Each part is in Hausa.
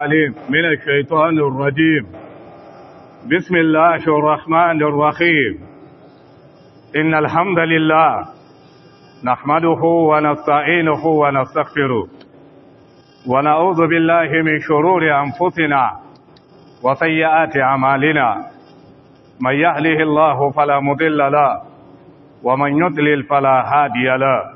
عليم من الشيطان الرجيم بسم الله الرحمن الرحيم إن الحمد لله نحمده ونستعينه ونستغفره ونعوذ بالله من شرور أنفسنا وسيئات أعمالنا من يهله الله فلا مضل له ومن يضلل فلا هادي له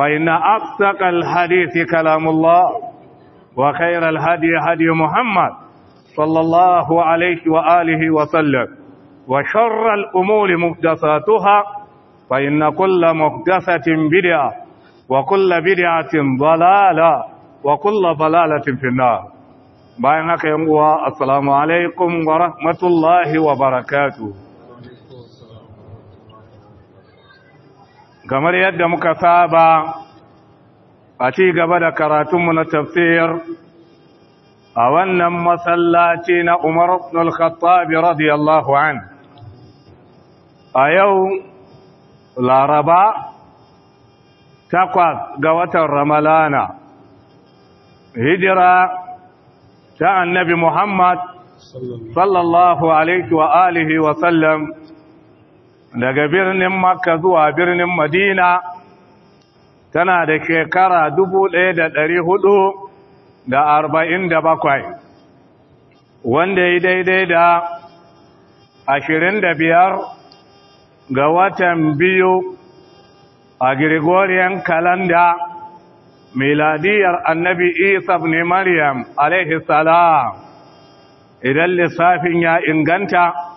فإن أصدق الحديث كلام الله وخير الهدي هدي محمد صلى الله عليه وآله وسلم وشر الأمور محدثاتها فإن كل محدثة بدعة وكل بدعة ضلالة وكل ضلالة في النار بينك يا السلام عليكم ورحمة الله وبركاته kamar yadda muka saba a ci gaba da karatunmu na tafsir a wannan masallaci na Umar ibn al radiyallahu an a yau Laraba takwas ga watan Ramalana hijira ta annabi Muhammad sallallahu alaihi wa alihi wa sallam daga birnin makka zuwa birnin madina tana da shekara dubu ɗaya da da da hudu arba'in bakwai, wanda ya daidai da ashirin da biyar ga watan biyu a Gregorian kalanda miladiyar annabi isa ne maryam as idan lissafin ya inganta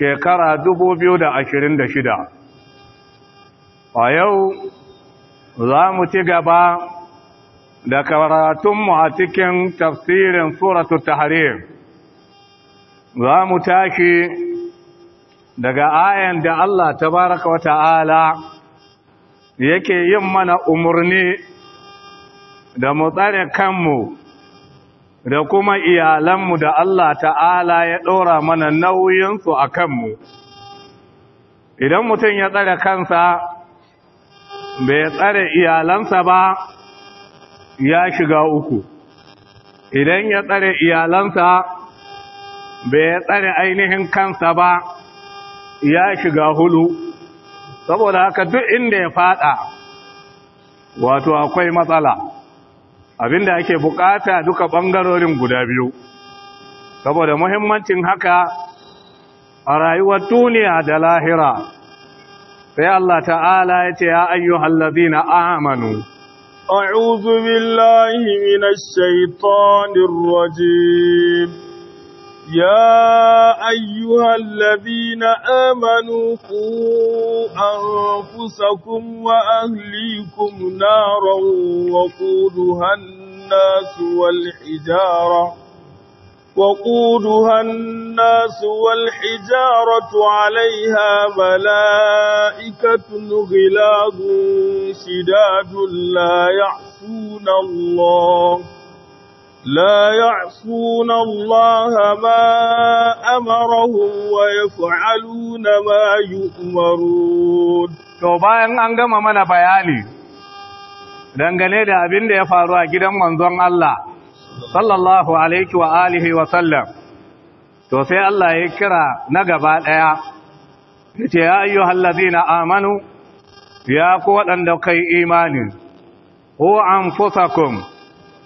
shekara da da ashirin shida, a yau za mu ci gaba da karatunmu a cikin tafsirin suratu tahrir za mu tashi daga ayan da Allah tabaraka wa ta'ala yake yin mana umarni da mu tsare kanmu da kuma iyalanmu da Allah ta'ala ya ɗora mana nauyinsu a kanmu idan mutum ya tsare kansa bai tsare iyalansa ba ya shiga uku idan ya tsare iyalansa bai tsare ainihin kansa ba ya shiga hulu saboda haka duk inda ya fada wato akwai matsala abinda ake bukata duka bangarorin guda biyu saboda muhimmancin haka a rayuwar duniya da lahira sai Allah ta'ala ya ce ya ayyuhal ladina amanu a'udhu billahi minash shaitanir rajim يا أيها الذين آمنوا قوا أنفسكم وأهليكم نارا وقودها الناس والحجارة وقودها الناس والحجارة عليها ملائكة غلاظ شداد لا يعصون الله لا يعصون الله ما أمرهم ويفعلون ما يؤمرون to bayan an gama mana bayani dangane da abin da ya faru a gidan manzon Allah sallallahu alaihi wa alihi wa sallam to sai Allah ya kira na gaba daya yace ya ayyuhal ladina amanu ya ku waɗanda kai imani ku anfusakum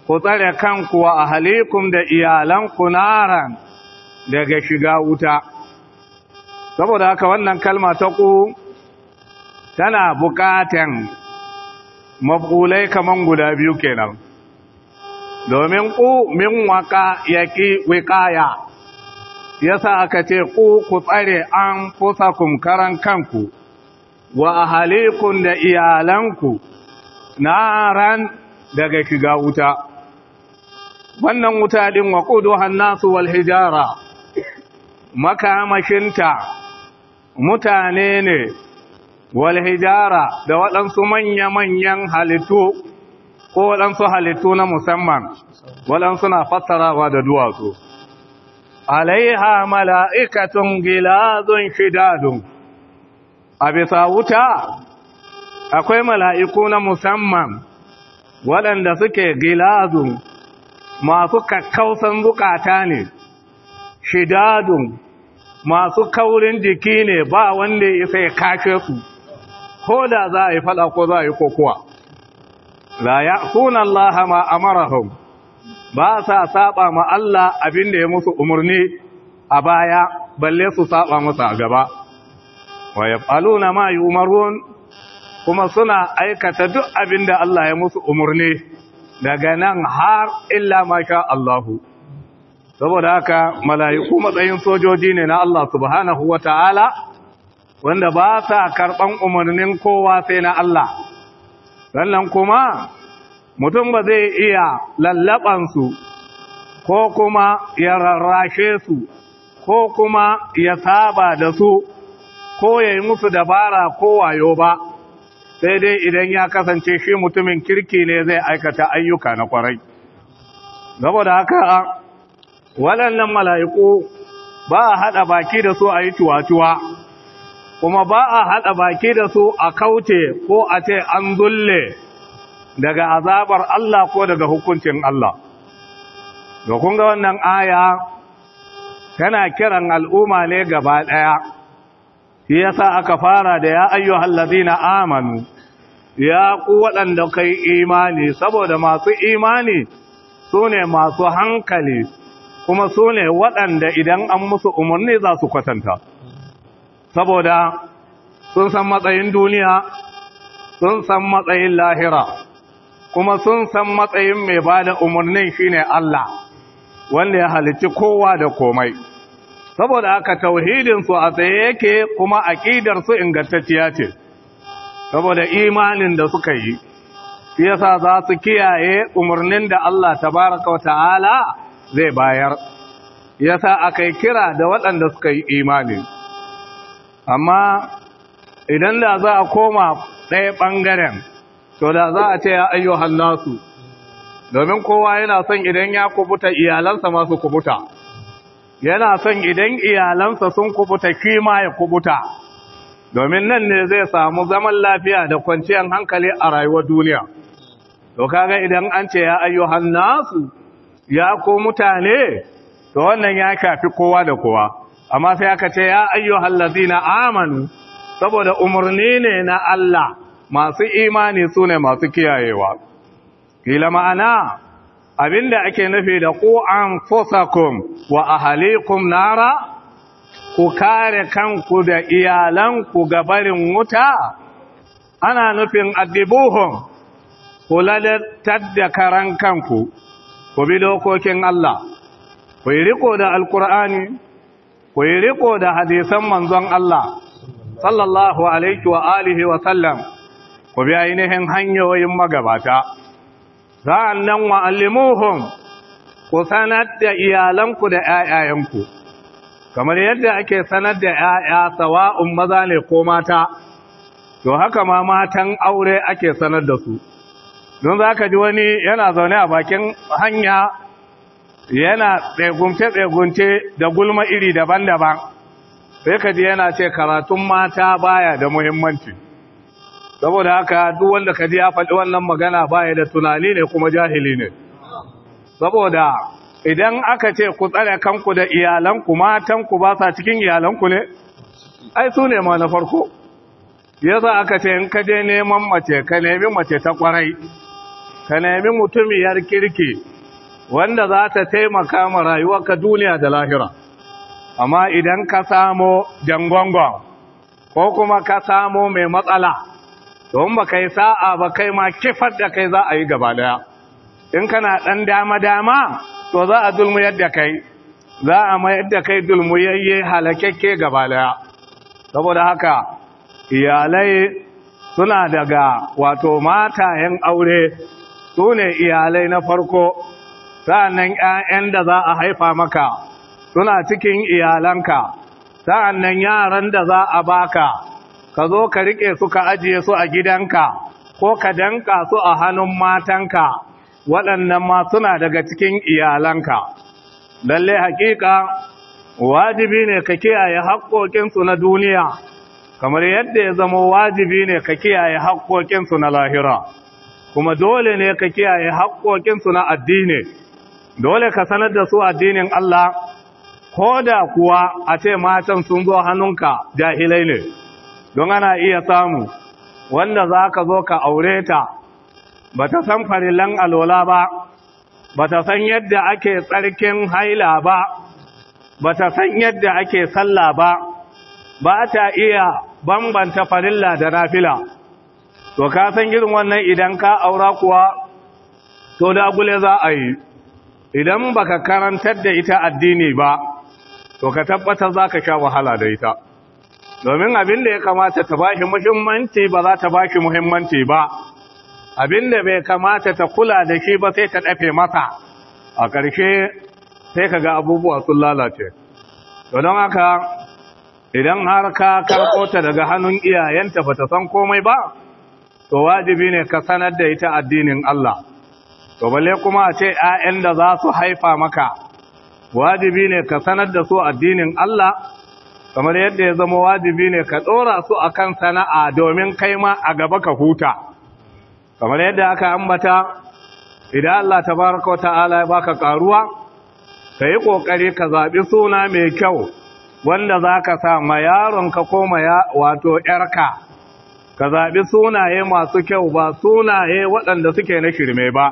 ku tsare kanku wa ahalikum da iyalanku naran daga shiga wuta saboda haka wannan kalma ta ku tana buƙatan mafulai kamar guda biyu kenan domin ku min waka yaƙi wiƙaya yasa aka ce ku ku tsare an fusa kumkaran kanku wa ahalikun da iyalanku naran daga shiga wuta wannan wuta din wa ƙudu hannasu nasu wal hijara makamashinta mutane ne wal hijara da waɗansu manya-manyan halittu ko waɗansu halittu na musamman waɗansu na fassarawa da duwatsu alaiha mala'ikatun gilazun shidadun a bisa wuta akwai mala'iku na musamman waɗanda suke gilazun masu kakkausan zukata ne shidadun masu kaurin jiki ne ba wanda ya isa ya kashe su ko da za a yi fada ko za a yi kokowa la suna Allah ma amarahum ba sa saba ma Allah abin da ya musu umarni a baya balle su saba musu a gaba wa yaf'aluna ma yu'marun kuma suna aikata duk abin da Allah ya musu umarni. daga nan har illa masha Allahu saboda haka mala'iku matsayin sojoji ne na Allah subhanahu wata'ala wanda ba sa karban umarnin kowa sai na Allah sannan kuma mutum ba zai iya su ko kuma ya rarrashe su ko kuma ya saba da su ko ya musu dabara ko wayo ba sai dai idan ya kasance shi mutumin kirki ne zai aikata ayyuka na kwarai saboda haka waɗannan mala'iku ba a haɗa baki da su a yi tuwa-tuwa, kuma ba a haɗa baki da su a kauce ko a ce an zulle daga azabar Allah ko daga hukuncin Allah da ga wannan aya tana kiran al'umma ne gaba ɗaya, shi yasa aka fara da ya na amanu, ya ku waɗanda kai imani saboda masu imani su ne masu hankali kuma su ne waɗanda idan an musu umarni za su kwatanta saboda sun san matsayin duniya sun san matsayin lahira kuma sun san matsayin mai ba da umarnin shine Allah wanda ya halici kowa da komai saboda aka tauhidinsu a tsaye yake kuma aƙidarsu ingantacciya ce saboda imanin da suka yi shi yasa za su kiyaye umarnin da Allah tabaraka wa ta'ala zai bayar yasa akai kira da waɗanda suka yi imani amma idan da za a koma ɗaya ɓangaren to da za a ce ya ayyuhan nasu domin kowa yana son idan ya kubuta iyalansa masu kubuta yana son idan iyalansa sun kubuta kima ya kubuta domin nan ne zai samu zaman lafiya da kwanciyar hankali a rayuwar duniya to kaga idan an ce ya ayyuhan nasu ya ko mutane to wannan ya kafi kowa da kowa amma sai aka ce ya ayyuhal ladina amanu saboda umarni ne na Allah masu imani sune masu kiyayewa kila ma'ana abinda ake nufi da ku anfusakum wa ahlikum nara ku kare kanku da iyalanku ga barin wuta ana nufin addibuhun ku lalatar da karan kanku ku bi dokokin Allah ku yi riko da alkur'ani ku yi riko da hadisan manzon Allah sallallahu alaihi wa alihi wa sallam ku bi ainihin hanyoyin magabata za'an nan ku sanar da iyalanku da 'ya'yayanku kamar yadda ake sanar da ‘ya'ya sawa'un maza ne ko mata, to haka ma matan aure ake sanar da su. Don za ka ji wani yana zaune a bakin hanya yana tsegunce-tsegunce da gulma iri daban-daban, sai ka ji yana ce karatun mata baya da muhimmanci. Saboda haka duk wanda ka ji ya faɗi wannan magana baya da tunani ne kuma jahili ne. Saboda idan aka ce ku tsare kanku da iyalanku matanku ba sa cikin iyalanku ne ai su ne ma na farko yasa aka ce in ka je neman mace ka nemi mace ta kwarai ka nemi mutumiyar kirki wanda za ta taimaka ma rayuwarka duniya da lahira amma idan ka samo jangongon ko kuma ka samo mai matsala don ba kai sa'a ba kai ma kifar da kai za a yi gaba daya in kana dan dama-dama to za a dulmuyar da kai za a mayar da kai dulmuyayye halakakke gaba daya saboda haka iyalai suna daga wato matayen aure sune iyalai na farko sa'annan 'ya'yan da za a haifa maka suna cikin iyalanka sa'annan yaran da za a baka ka zo ka rike su ka ajiye su a gidanka ko ka danka su a hannun matanka waɗannan ma suna daga cikin iyalanka lalle haƙiƙa, wajibi ne ka kiyaye haƙoƙinsu na duniya kamar yadda ya zama wajibi ne ka kiyaye haƙoƙinsu na lahira kuma dole ne ka kiyaye haƙoƙinsu na addini dole ka sanar da su addinin Allah ko da kuwa a ce matan sun zo hannunka jahilai ne don ana iya samu wanda za ka zo ka aure ta ba ta san farillan alola ba ba ta san yadda ake tsarkin haila ba ba ta san yadda ake sallah ba ba ta iya bambanta farilla da nafila to ka san irin wannan idan ka aura kuwa to da gule za a yi idan baka karantar da ita addini ba to ka tabbatar za ka sha wahala da ita domin abin da ya kamata ta ba shi muhimmanci ba za ta ba shi muhimmanci ba abinda bai kamata ta kula da shi ba sai ta dafe masa a ƙarshe sai kaga abubuwa sun lalace to don haka idan har ka karɓo ta daga hannun iyayenta ba ta san komai ba to wajibi ne ka sanar da ita addinin Allah to balle kuma a ce ƴaƴan da za su haifa maka wajibi ne ka sanar da su addinin Allah kamar yadda ya zama wajibi ne ka ɗora su akan sana'a domin kai ma a gaba ka huta kamar yadda aka ambata idan Allah tabaraka wa ta'ala ya baka karuwa ka yi ƙoƙari ka zaɓi suna mai kyau wanda za ka sa ma yaron ka ko ma wato ‘yarka ka zaɓi sunaye masu kyau ba sunaye waɗanda suke na shirme ba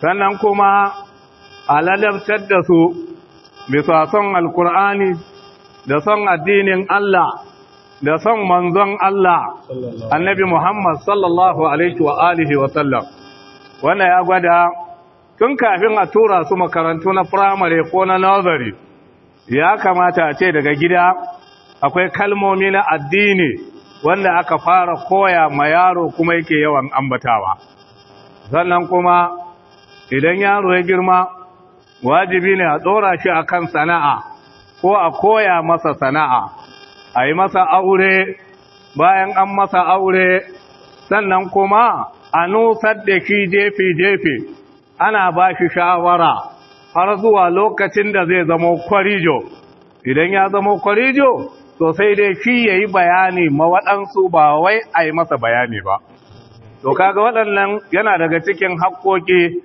sannan kuma a ladabtar da su bisa son alkur'ani da son addinin Allah da son manzon Allah annabi Muhammad sallallahu alaihi wa alihi wa sallam wannan ya gwada tun kafin a tura su makarantu na primary ko na nursery ya kamata a ce daga gida akwai kalmomi na addini wanda aka fara koya ma yaro kuma yake yawan ambatawa sannan kuma idan yaro ya girma wajibi ne a tsora shi akan sana'a ko a koya masa sana'a a yi masa aure bayan an masa aure sannan kuma a nusar da shi jefe-jefe ana ba shi shawara har zuwa lokacin da zai zama kwarijo idan ya zama kwarijo to sai dai shi ya yi bayani waɗansu ba wai a yi masa bayani ba to kaga waɗannan yana daga cikin haƙƙoƙi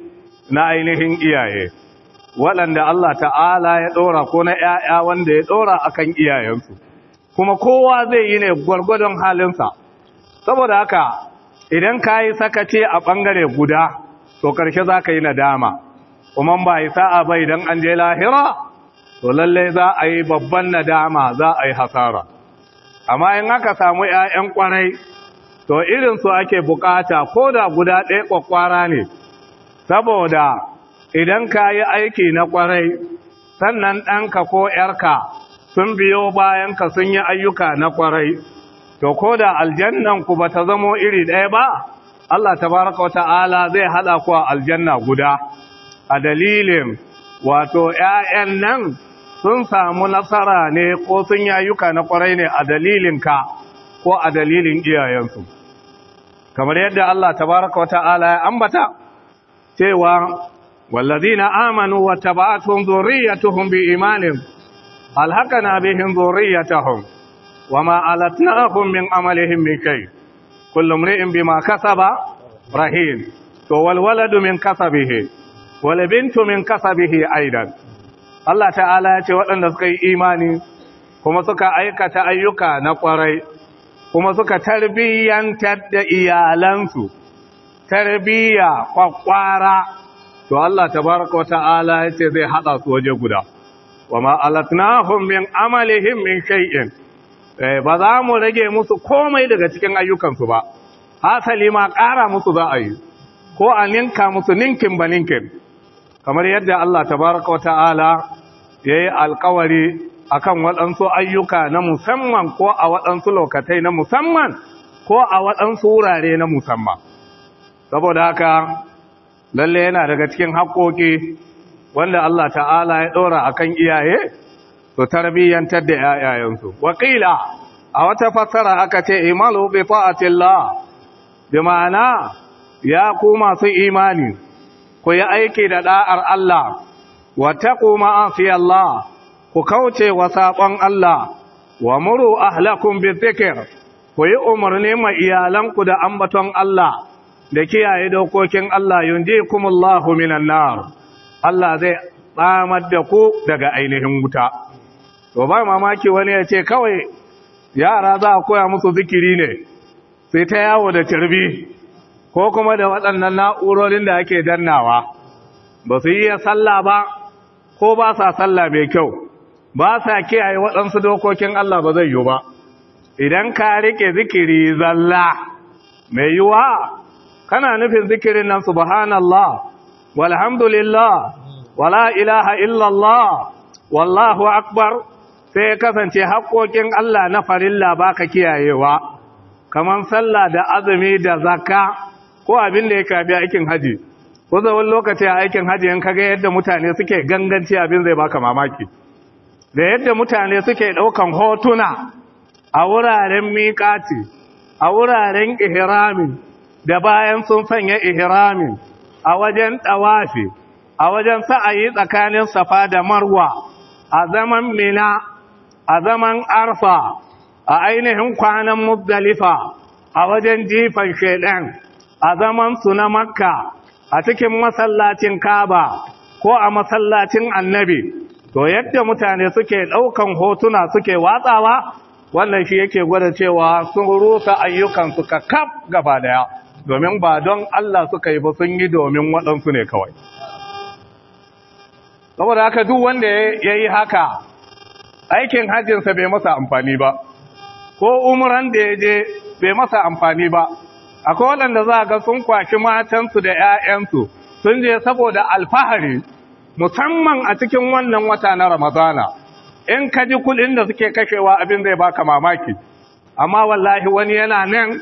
na ainihin iyaye waɗanda Allah ta'ala ya ɗora ko na ‘ya'ya wanda ya ɗora a kan iyayensu kuma kowa zai yi ne gwargwadon halinsa saboda haka idan ka yi sakace a ɓangare guda to ƙarshe za ka yi nadama kuma ba yi sa'a bai idan an je lahira to lallai za a yi babban nadama za a yi hasara amma in aka samu 'ya'yan ƙwarai to irinsu ake bukata ko da guda ɗaya ƙwaƙwara ne saboda idan ka yi aiki na ƙwarai sannan ɗanka ko ‘yarka sun biyo bayan ka sun yi ayyuka na kwarai to ko da aljannan ku bata zamo iri ɗaya ba Allah tabaraka wata'ala zai haɗa ku a aljanna guda a dalilin wato ƴaƴan nan sun samu nasara ne ko sun yi ayyuka na kwarai ne a dalilin ka ko a dalilin iyayensu kamar yadda Allah tabaraka wata'ala ya ambata cewa wallazina amanu wattaba'atuhum dhurriyyatuhum imanin. alhaqana bihim dhurriyyatahum wama alatnahum min amalihim min kai kullum imri'in bima kasaba rahin to walwala waladu min kasabihi wal bintu min kasabihi aidan Allah ta'ala ya ce waɗanda suka yi imani kuma suka aikata ayyuka na kwarai kuma suka tarbiyyantar da iyalansu tarbiyya kwakwara to Allah tabaraka wa ta'ala ya ce zai haɗa su waje guda wa ma alatnahum min amalihim min shay'in ba za mu rage musu komai daga cikin ayyukansu ba hasali ma ƙara musu za a yi ko a ninka musu ninkin ba ninkin kamar yadda Allah tabaraka wata'ala ya yi alkawari akan waɗansu ayyuka na musamman ko a waɗansu lokatai na musamman ko a waɗansu wurare na musamman saboda haka lalle yana daga cikin haƙoƙi wanda Allah ta'ala ya ɗora a kan iyaye su tarbiyyantar da ‘ya'yayensu. Wakila, a wata fassara aka ce, Imalu bi fa'atillah, bi ma'ana ya ku masu imani, ku yi aiki da ɗa'ar Allah, wata kuma an fi Allah, ku kauce wa saɓon Allah, wa muru ahlakun bi zikir, ku yi umarni ma iyalanku da ambaton Allah, da kiyaye dokokin Allah yunji kumullahu minan nar. Allah zai tsamar da ku daga ainihin wuta to ba mamaki wani ya ce kawai yara za a koya musu zikiri ne sai ta yawo da cirbi ko kuma da waɗannan na'urorin da ake dannawa ba su yi sallah ba ko ba sa sallah mai kyau ba sa kiyaye waɗansu dokokin Allah ba zai yi ba idan ka riƙe zikiri zalla mai yiwa kana nufin zikirin nan subhanallah walhamdulillah wala ilaha illallah wallahu akbar sai ya kasance haƙoƙin Allah na farilla baka kiyayewa kaman sallah da azumi da Zaka, ko abin da ya kafi aikin haji ko zaman lokaci a aikin haji in kaga yadda mutane suke ganganci abin zai baka mamaki da yadda mutane suke ɗaukan hotuna a wuraren miƙati a wuraren ihrami da bayan sun sanya ihramin a wajen ɗawafi a wajen sa'ayi tsakanin safa da marwa a zaman mina a zaman arfa a ainihin kwanan muzdalifa a wajen jifan shaɗan, a zaman su na makka a cikin masallacin kaba ko a masallacin annabi to yadda mutane suke ɗaukan hotuna suke watsawa wannan shi yake gwada cewa sun rusa ayyukansu kakkaf gaba daya domin ba don Allah suka yi ba sun yi domin waɗansu ne kawai saboda haka duk wanda ya yi haka aikin hajjinsa bai masa amfani ba ko umuran da ya je bai masa amfani ba akwai waɗanda za ga sun kwashi matansu da 'ya'yansu sun je saboda alfahari musamman a cikin wannan wata na ramadana in kaji ji kuɗin da suke kashewa abin zai baka mamaki amma wallahi wani yana nan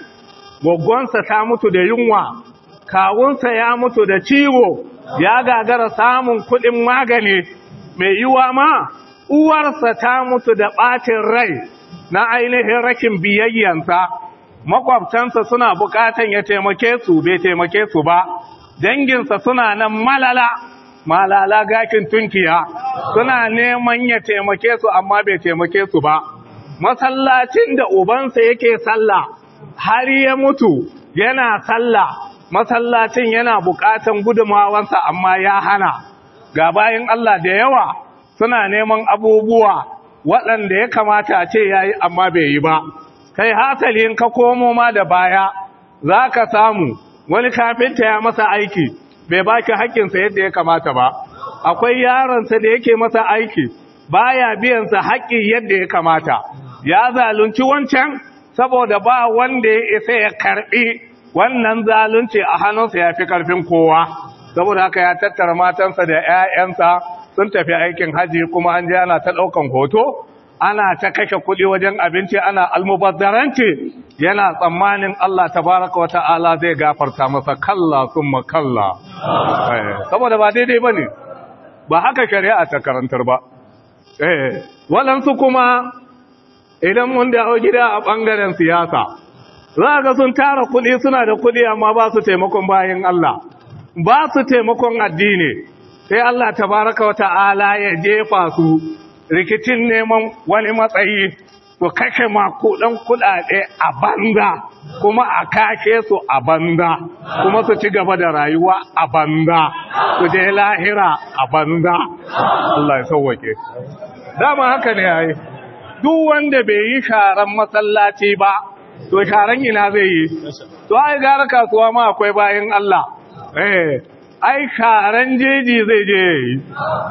gwaggonsa ta mutu da yunwa kawunsa ya mutu da ciwo ya gagara samun kuɗin magani mai yiwa ma uwarsa ta mutu da ɓacin rai na ainihin rakin biyayyansa makwabtansa suna buƙatan ya taimake su bai taimake su ba danginsa suna nan malala malala gakin tunkiya suna neman ya taimake su amma bai taimake su ba masallacin da ubansa yake sallah har ya mutu yana sallah masallacin yana bukatan gudumawansa amma ya hana ga bayan Allah da yawa suna neman abubuwa waɗanda ya kamata ce ya yi amma bai yi ba kai hasalin ka komo ma da baya za ka samu wani kafinta ya masa aiki bai baki haƙƙinsa yadda ya kamata ba akwai yaronsa da yake masa aiki baya biyansa haƙƙi yadda ya kamata ya zalunci wancan saboda ba wanda ya isa ya karbi wannan zalunci a hannunsa ya fi karfin kowa saboda haka ya tattara matansa da 'ya'yansa sun tafi aikin haji kuma an ji ana ta ɗaukan hoto ana ta kashe kuɗi wajen abinci ana almubazzaranci yana tsammanin Allah Ta baraka wa ta'ala zai gafarta masa kalla sun kalla eh, saboda ba daidai ba ne, ba haka shari'a ta karantar ba eh, walansu kuma idan mun dawo gida a ɓangaren siyasa za ga sun tara kuɗi suna da kuɗi amma ba su taimakon bayan Allah ba su taimakon addini sai Allah tabaraka wa ta'ala ya jefa su rikicin neman wani matsayi su kake makudan kuɗaɗe a banza kuma a kashe su a banza kuma su ci gaba da rayuwa a banza su je lahira a banza Allah ya sauwake dama haka ne yayi duk wanda bai yi sharan masallaci ba to sharan ina zai yi to ai gara kasuwa ma akwai bayan Allah eh, ai sharan jeji zai je yi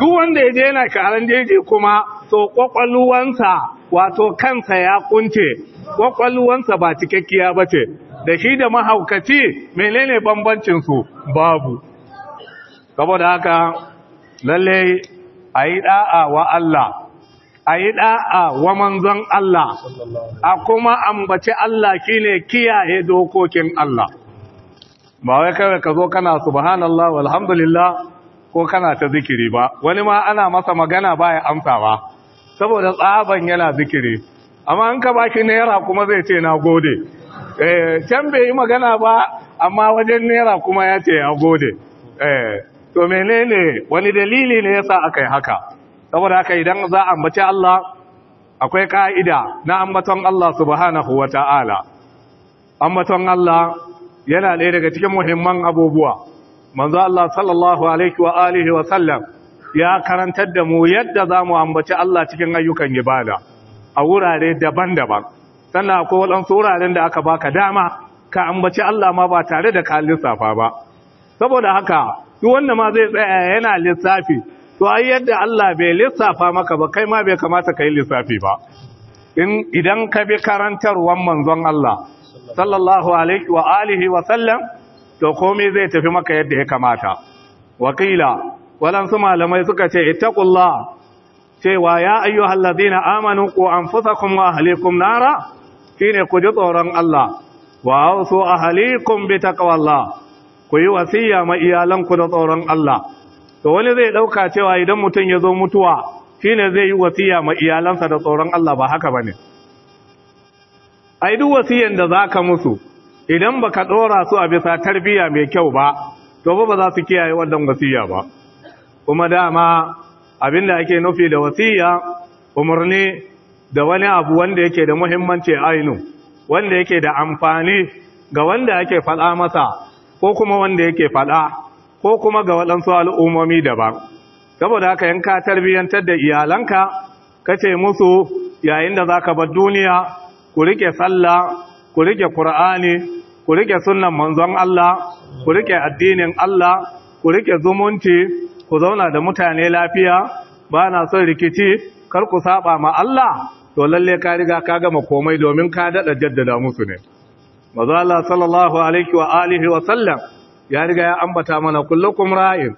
duk wanda ya je yana sharan jeji kuma to ƙwaƙwalwansa wato kansa ya kunce ƙwaƙwalwansa ba cikakkiya ba ce da shi da mahaukaci menene bambancin su babu saboda haka lalle a yi wa Allah a yi ɗa'a wa manzon Allah a kuma ambaci Allah ne kiyaye dokokin Allah ba wai kawai ka zo kana subhanallah walhamdulillah ko kana ta zikiri ba wani ma ana masa magana ba baya amsawa saboda tsaban yana zikiri amma an ka baki naira kuma zai ce na gode eh, can bai yi magana ba amma wajen naira kuma ya ce ya gode eh, to menene wani dalili ne ya sa aka yi haka saboda haka idan za a ambaci Allah akwai ka'ida na ambaton Allah subhanahu wa ta'ala ambaton Allah yana ɗaya daga cikin muhimman abubuwa manzo Allah sallallahu alaihi wa alihi wa sallam ya karantar da mu yadda za mu ambaci Allah cikin ayyukan ibada a wurare daban-daban sannan akwai waɗansu wuraren da aka baka dama ka ambaci Allah ma ba tare da ka lissafa ba saboda haka duk wanda ma zai tsaya yana lissafi to ai yadda Allah bai lissafa maka ba kai ma bai kamata ka yi lissafi ba in idan ka bi karantarwan manzon Allah sallallahu alaihi wa alihi wa sallam to komai zai tafi maka yadda ya kamata wakila walansu malamai suka ce ittaqullah cewa ya ayyuhal ladina amanu qu anfusakum wa ahlikum nara shine ku ji tsoron Allah wa ausu ahlikum bi taqwallah ku yi wasiya ma iyalanku da tsoron Allah to wani zai dauka cewa idan mutum ya zo mutuwa shine zai yi wasiya ma iyalansa da tsoron Allah ba haka bane ai duk wasiyan da zaka musu idan baka dora su a bisa tarbiya mai kyau ba to ba za su kiyaye wannan wasiya ba kuma dama abinda ake nufi da wasiya umarni da wani abu wanda yake da muhimmanci ainu wanda yake da amfani ga wanda yake faɗa masa ko kuma wanda yake faɗa ko kuma ga waɗansu al'ummomi daban saboda haka yanka tarbiyyantar da iyalanka ka ce musu yayin da za ka bar duniya ku riƙe sallah ku riƙe ƙur'ani ku riƙe sunan manzon Allah ku riƙe addinin Allah ku riƙe zumunci ku zauna da mutane lafiya ba na son rikici kar ku saɓa ma Allah to lalle ka riga ka gama komai domin ka daɗa jaddada musu ne. Maza sallallahu alaihi wa alihi wa sallam ya riga ya ambata mana kullukum ra'in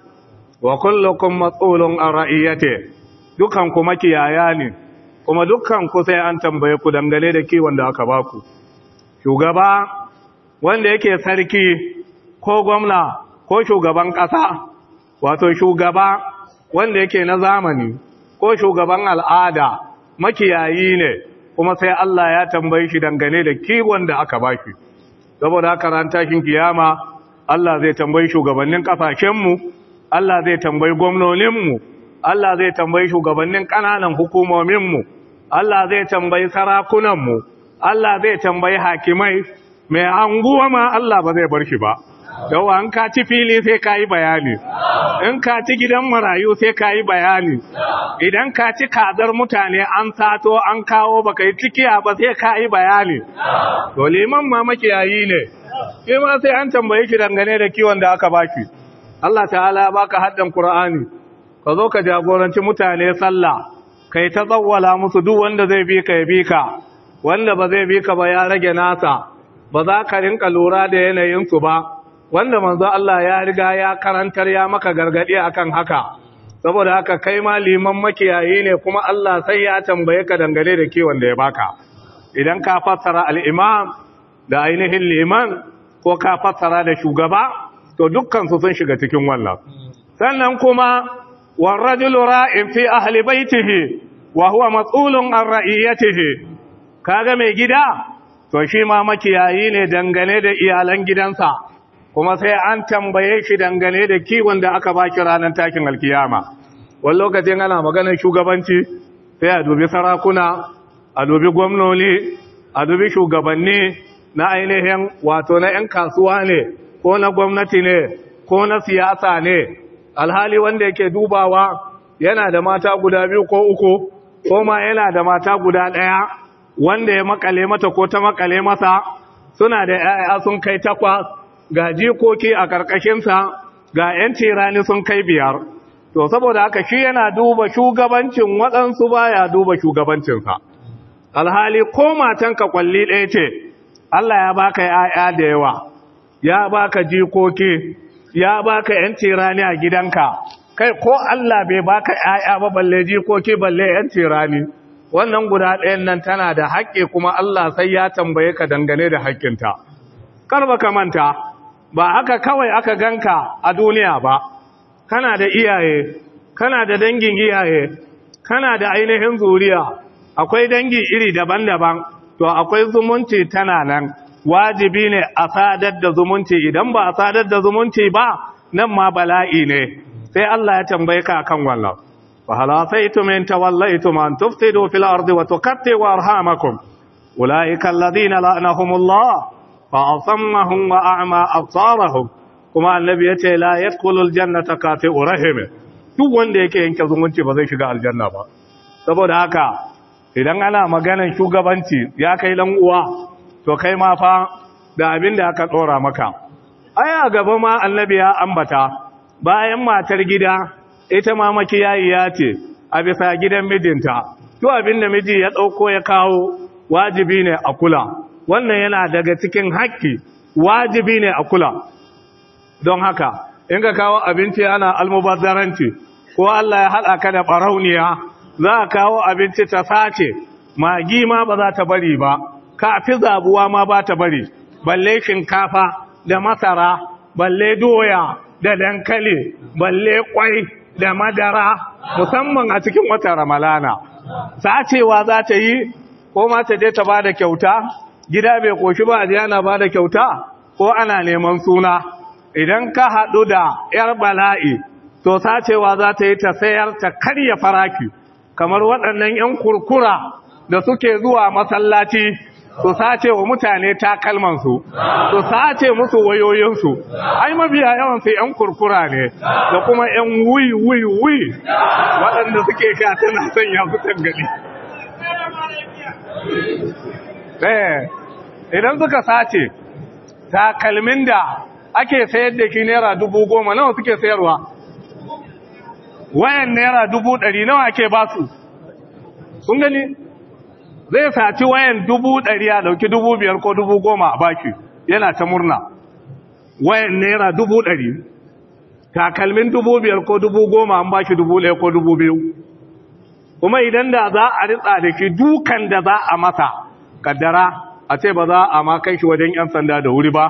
wa kullukum mas'ulun an ra'iyati dukan ku makiyaya ne kuma dukanku ku sai an tambaye ku dangane da kiwon da aka baku shugaba wanda yake sarki ko gwamna ko shugaban ƙasa wato shugaba wanda yake na zamani ko shugaban al'ada makiyayi ne kuma sai Allah ya tambaye shi dangane da kiwon da aka bashi saboda haka ran kiyama Allah zai tambayi shugabannin kafashenmu Allah zai tambayi gwamnoninmu Allah zai tambayi shugabannin ƙananan hukumominmu Allah zai tambayi sarakunanmu Allah zai tambayi hakimai mai anguwa ma Allah ba zai bar shi ba yawa in ka ci fili sai ka yi bayani in ka ci gidan marayu sai ka yi bayani idan ka ci kazar mutane an sato an kawo baka yi cikiya ba sai ka yi bayani to liman ma makiyayi ne ke sai an tambaye ki dangane da kiwon da aka baki Allah ta'ala ya baka haddan Qur'ani ka zo ka jagoranci mutane sallah kai ta tsawwala musu duk wanda zai bi ka ya bi ka wanda ba zai bi ka ba ya rage nasa ba za ka rinka lura da yanayin su ba wanda manzo Allah ya riga ya karantar ya maka gargadi akan haka saboda haka kai ma liman makiyayi ne kuma Allah sai ya tambaye ka dangane da kiwon da ya baka idan ka fassara al-imam da ainihin liman ko ka fassara da shugaba to dukkansu sun shiga cikin wannan sannan kuma warrajulu ra'in fi ahli baitihi wa huwa mas'ulun an ra'iyatihi kaga mai gida to shi ma makiyayi ne dangane da iyalan gidansa kuma sai an tambaye shi dangane da kiwon da aka baki ranar takin alkiyama wani lokacin ana maganar shugabanci sai a dubi sarakuna a dubi gwamnoni a dubi shugabanni na ainihin wato na 'yan kasuwa ne ko na gwamnati ne ko na siyasa ne alhali wanda yake dubawa yana da mata guda biyu ko uku ko ma yana da mata guda ɗaya wanda ya makale mata ko ta makale masa suna da 'ya'ya sun kai takwas ga jikoki a ƙarƙashinsa ga 'yan tirani sun kai biyar to saboda haka shi yana duba shugabancin waɗansu baya duba shugabancinsa alhali ko matanka kwalli ɗaya ce Allah ya baka ya'ya da yawa ya baka jikoki ya baka yan tirani a gidanka kai ko Allah bai baka ya'ya ba balle jikoki balle yan tirani wannan guda ɗayan nan tana da haƙƙi kuma Allah sai ya tambaye ka dangane da haƙƙinta kar baka manta ba haka kawai aka ganka a duniya ba kana da iyaye kana da dangin iyaye kana da ainihin zuriya akwai dangi iri daban-daban to akwai zumunci tana nan wajibi ne a sadar da zumunci idan ba a sadar da zumunci ba nan ma bala'i ne sai Allah ya tambaye ka akan wannan fa halasaitum in tawallaitum an tufsidu fil ardi wa tuqatti'u arhamakum ulaika alladhina la'anahumullah fa asammahum wa a'ma absarahum kuma annabi yace la yadkhulul jannata kafi'u rahim duk wanda yake yanke zumunci ba zai shiga aljanna ba saboda haka idan ana maganan shugabanci ya kai dan uwa to kai ma fa da abin da aka tsora maka aya gaba ma annabi ya ambata bayan matar gida ita ma makiyayiya ce a bisa gidan mijinta to abin da miji ya dauko ya kawo wajibi ne a kula wannan yana daga cikin haƙƙi wajibi ne a kula don haka in ka kawo abinci ana almubazzaranci ko Allah ya haɗa ka da ɓarauniya za a kawo abinci ta sace magi ma ba za ta bari ba kafi zabuwa ma ba ta bari balle shinkafa da masara balle doya da dankali balle kwai da madara musamman a cikin wata ramalana sacewa za ta yi ko ma ta je ta ba da kyauta gida bai koshi ba a na ba da kyauta ko ana neman suna idan ka haɗu da 'yar bala'i to sacewa za ta yi ta sayar ta karya faraki kamar waɗannan 'yan kurkura da suke zuwa masallaci su sace wa mutane takalmansu su sace musu wayoyinsu ai mafiya yawan su yan kurkura ne da kuma yan wuyi wuyi-wuyi-wuyi waɗanda suke ka tana sanya su tangani eh, idan suka sace takalmin da ake sayar da ki naira dubu goma nawa suke sayarwa wayan naira dubu ɗari nawa ke ba su sun gani zai saci wayan dubu ɗari a ɗauki dubu biyar ko dubu goma a baki yana ta murna wayan naira dubu ɗari takalmin dubu biyar ko dubu goma an baki dubu ɗaya ko dubu biyu kuma idan da za a ritsa da ke dukan da za a masa kaddara a ce ba za a ma kai shi wajen 'yan sanda da wuri ba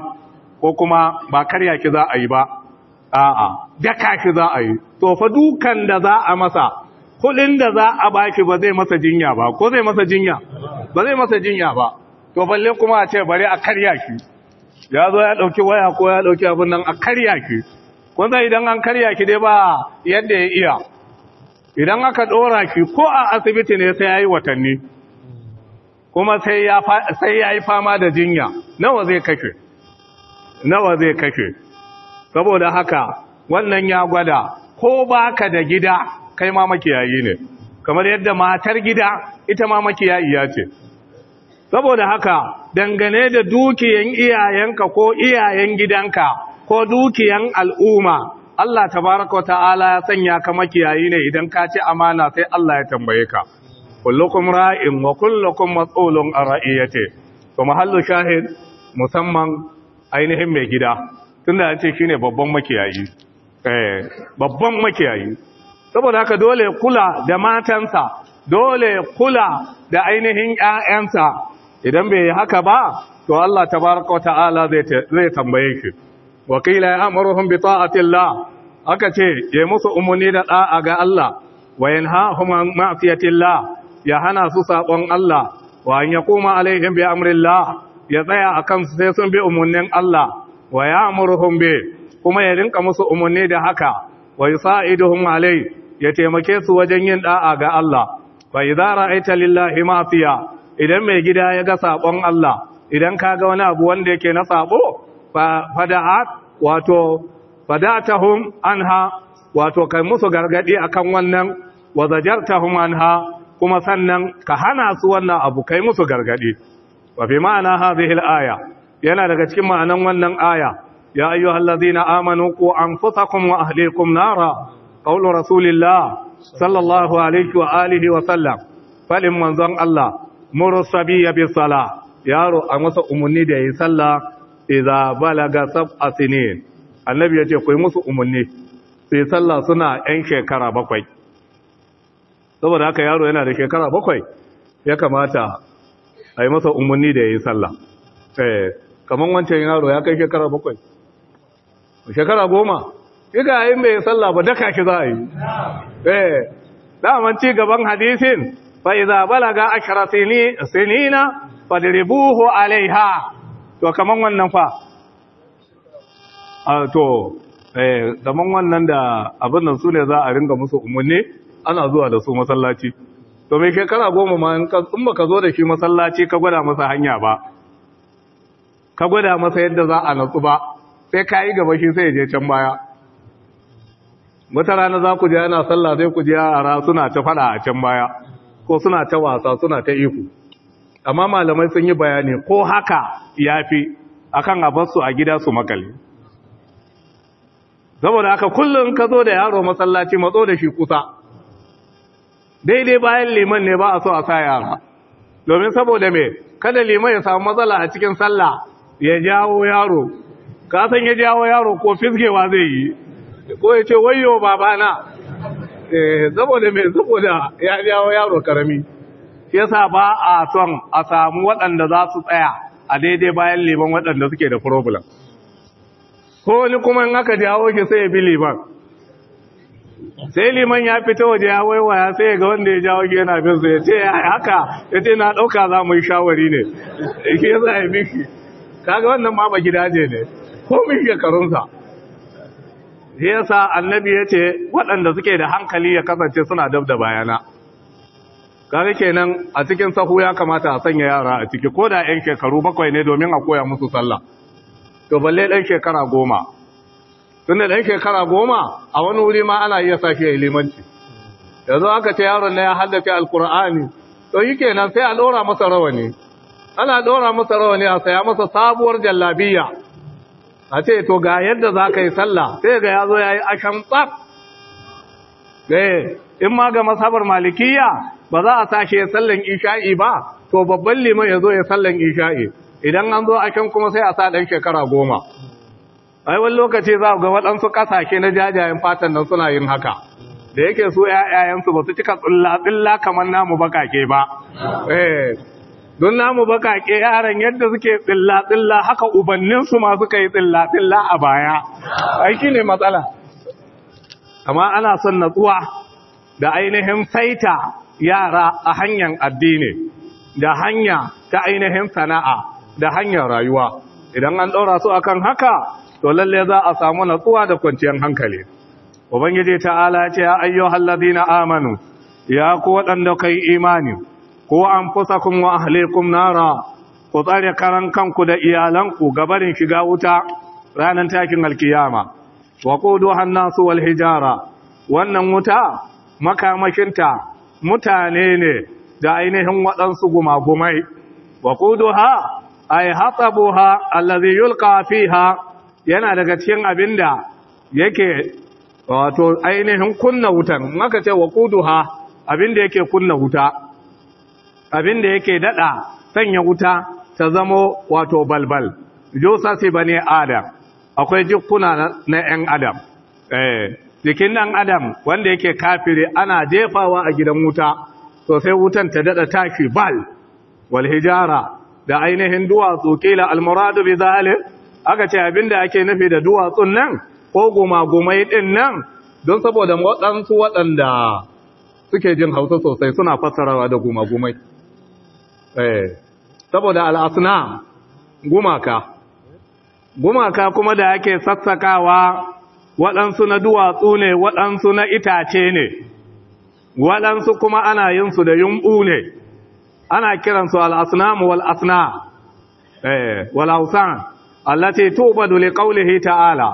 ko kuma ba karya ki za a yi ba a'a daka shi za a yi to fa dukan da za a masa kudin da za a baki ba zai masa jinya ba ko zai masa jinya ba zai masa jinya ba to balle kuma a ce bari a karya shi ya zo ya dauki waya ko ya dauki abin nan a karya shi kun san idan an karya ki dai ba yadda ya iya idan aka dora ki ko a asibiti ne sai yayi watanni kuma sai ya sai yayi fama da jinya nawa zai kashe nawa zai kashe saboda haka wannan ya gwada ko baka da gida kai ma makiyayi ne kamar yadda matar gida ita ma makiyayiya ce saboda haka dangane da dukiyan iyayenka ko iyayen gidanka ko dukiyan al'umma Allah tabaraka wa ta'ala ya sanya ka makiyayi ne idan ka ci amana sai Allah ya tambaye ka kullukum ra'in wa kullukum mas'ulun ar ra'iyati to mahallu shahid musamman ainihin mai gida Tun da an ce shi ne babban makiyayi eh, babban makiyayi saboda haka dole kula da matansa dole kula da ainihin 'ya'yansa. idan bai yi haka ba to Allah tabaraka wata'ala zai zai tambaye ya wa qila ya'muruhum bi ta'atillah aka ce ya musu umuni da da'a ga Allah wa yanhahum an ma'siyatillah ya hana su sakon Allah wa an yaquma alaihim bi Allah ya tsaya a kansu sai sun bi umunnin Allah wa ya'muruhum bi kuma ya rinka musu umarni da haka wa yusa'iduhum alai ya taimake su wajen yin ɗa'a ga Allah fa idza ra'aita lillahi fiya? idan mai gida ya ga sabon Allah idan ka ga wani abu wanda yake na sabo fa wato fadatahum anha wato kai musu gargadi akan wannan wa zajartahum anha kuma sannan ka hana su wannan abu kai musu gargadi wa ma'ana hadhihi al-aya yana daga cikin ma'anan wannan aya ya allazina amanu qu anfusakum wa ahlikum nara qawlu rasulillah sallallahu alaihi wa alihi wa sallam falin manzon Allah murusabi bi sala yaro a masa umunni da yi sallah idza balaga sab'a sinin annabi ya ce ku yi musu umunni sai sallah suna yan shekara bakwai saboda haka yaro yana da shekara bakwai ya kamata a yi masa umunni da yi sallah eh kamar wancan yaro ya kai shekara bakwai shekara goma iga yi bai sallah ba daka shi za a yi eh, daman ci gaban hadisin fa zabala balaga ashara sinina fadribuhu alaiha to kamar wannan fa to eh wannan da abin nan ne za a ringa musu umarni ana zuwa da su masallaci to me shekara goma ma in ba ka zo da shi masallaci ka gwada masa hanya ba ka gwada masa yadda za a natsu ba sai ka yi gaba shi sai ya je can baya wata rana za ku je ana sallah sai ku je yara suna ta fada a can baya ko suna ta wasa suna ta iku amma malamai sun yi bayani ko haka yafi akan a bar su a gida su makale saboda aka kullum ka zo da yaro masallaci matso da shi kusa daidai bayan liman ne ba a so a sa yara domin saboda mai kada liman ya samu matsala a cikin sallah ya jawo yaro ka san ya jawo yaro ko fisgewa zai yi ko ya ce wayo babana eh, saboda mai saboda ya jawo yaro karami yasa ba a son a samu waɗanda za su tsaya a daidai bayan liman waɗanda suke da problem ko wani kuma in aka jawo shi sai ya bi liman sai liman ya fita waje ya waiwaya sai ga wanda ya jawo yana bin su ya ce haka ya ce na ɗauka za mu yi shawari ne ke za a yi miki kaga wannan ma ba ne ko ya shekarunsa yasa annabi yace ce waɗanda suke da hankali ya kasance suna dab da bayana kaga kenan a cikin sahu ya kamata a sanya yara a ciki ko da 'yan shekaru bakwai ne domin a koya musu sallah to balle ɗan shekara goma tunda ɗan shekara goma a wani wuri ma ana iya sa shi ya limanci yanzu aka ce yaron na ya haddace alkur'ani to yi kenan sai a ɗora masa rawani ana ɗaura masa rawani a saya masa sabuwar jallabiya a ce to ga yadda za ka yi sallah sai ga ya zo ya yi ashen tsaf eh, in ma ga masabar malikiya ba za a sashe sallan isha'i ba to babban liman ya zo ya sallan isha'i idan an zo ashen kuma sai a sa ɗan shekara goma ai wani lokaci za ga waɗansu ƙasashe na jajayen fatan nan suna yin haka da yake su ‘ya'yayensu ba su cika tsulla-tsulla kamar namu bakake ba eh, don namu bakake yaran yadda suke tsilla-tsilla haka ubanninsu ma suka yi tsilla-tsilla a baya aiki ne matsala amma ana son natsuwa da ainihin saita yara a hanyar addini da hanya ta ainihin sana'a da hanyar rayuwa idan an ɗaura su akan haka to lalle za a samu natsuwa da kwanciyar hankali ubangiji ta'ala ce ya ayyuhal ladina amanu ya ku waɗanda kai imani ko an fusa wa ahalikum nara ku tsare karan kanku da iyalanku gabarin shiga wuta ranar takin alkiyama wa quduha hannasu wal hijara wannan wuta makamashinta mutane ne da ainihin waɗansu gumagumai wa quduha ay hatabuha allazi yulqa fiha yana daga cikin abinda yake wato ainihin kunna wutan maka ce ha! Abin abinda yake kunna wuta abin da yake daɗa sanya wuta ta zamo wato balbal josasi bane adam akwai jikuna na yan adam eh, jikin ɗan adam wanda yake kafiri ana jefawa a gidan wuta sosai wutan ta dada taki bal Walhijara da ainihin duwatsu kila al muradu bi aka ce abinda ake nufi da duwatsun nan ko gumagumai din nan don saboda waɗansu waɗanda suke jin hausa sosai suna fassarawa da gumai. Eh. saboda al'asna gumaka gumaka kuma da yake sassakawa waɗansu na duwatsu ne waɗansu na itace ne waɗansu kuma ana yin su da yumɓu ne ana kiransu mu wal'asna eh, wal'ausan allati dole kaulihi ta'ala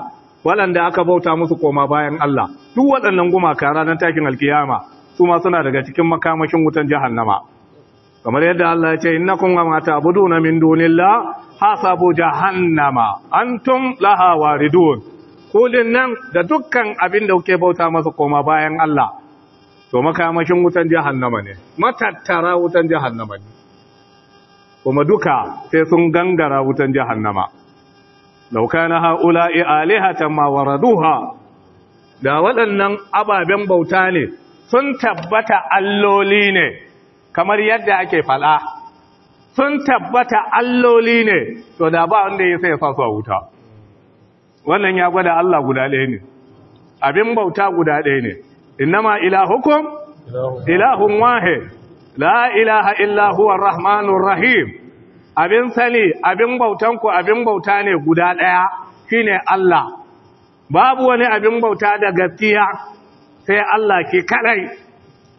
waɗanda aka bauta musu koma bayan Allah duk waɗannan gumaka ranar takin alkiyama su ma suna daga cikin makamashin wutan jahannama kamar yadda Allah ya ce mata ma ta'buduna min dunilla hasabu jahannama antum laha waridun kulin nan da dukkan abin da kuke bauta masa koma bayan Allah to makamashin wutan jahannama ne matattara wutan jahannama ne kuma duka sai sun gangara wutan jahannama law kana haula'i alihatan ma waraduha da waɗannan ababen bauta ne sun tabbata alloli ne kamar yadda ake fada sun tabbata alloli ne to da ba wanda ya sai sa wuta wannan ya gwada Allah guda ɗaya ne abin bauta guda ɗaya ne innama ilahukum ilahun wahid la ilaha illa huwa arrahmanur rahim abin sani abin bautan ku abin bauta ne guda ɗaya shine Allah babu wani abin bauta da gaskiya sai Allah ke kadai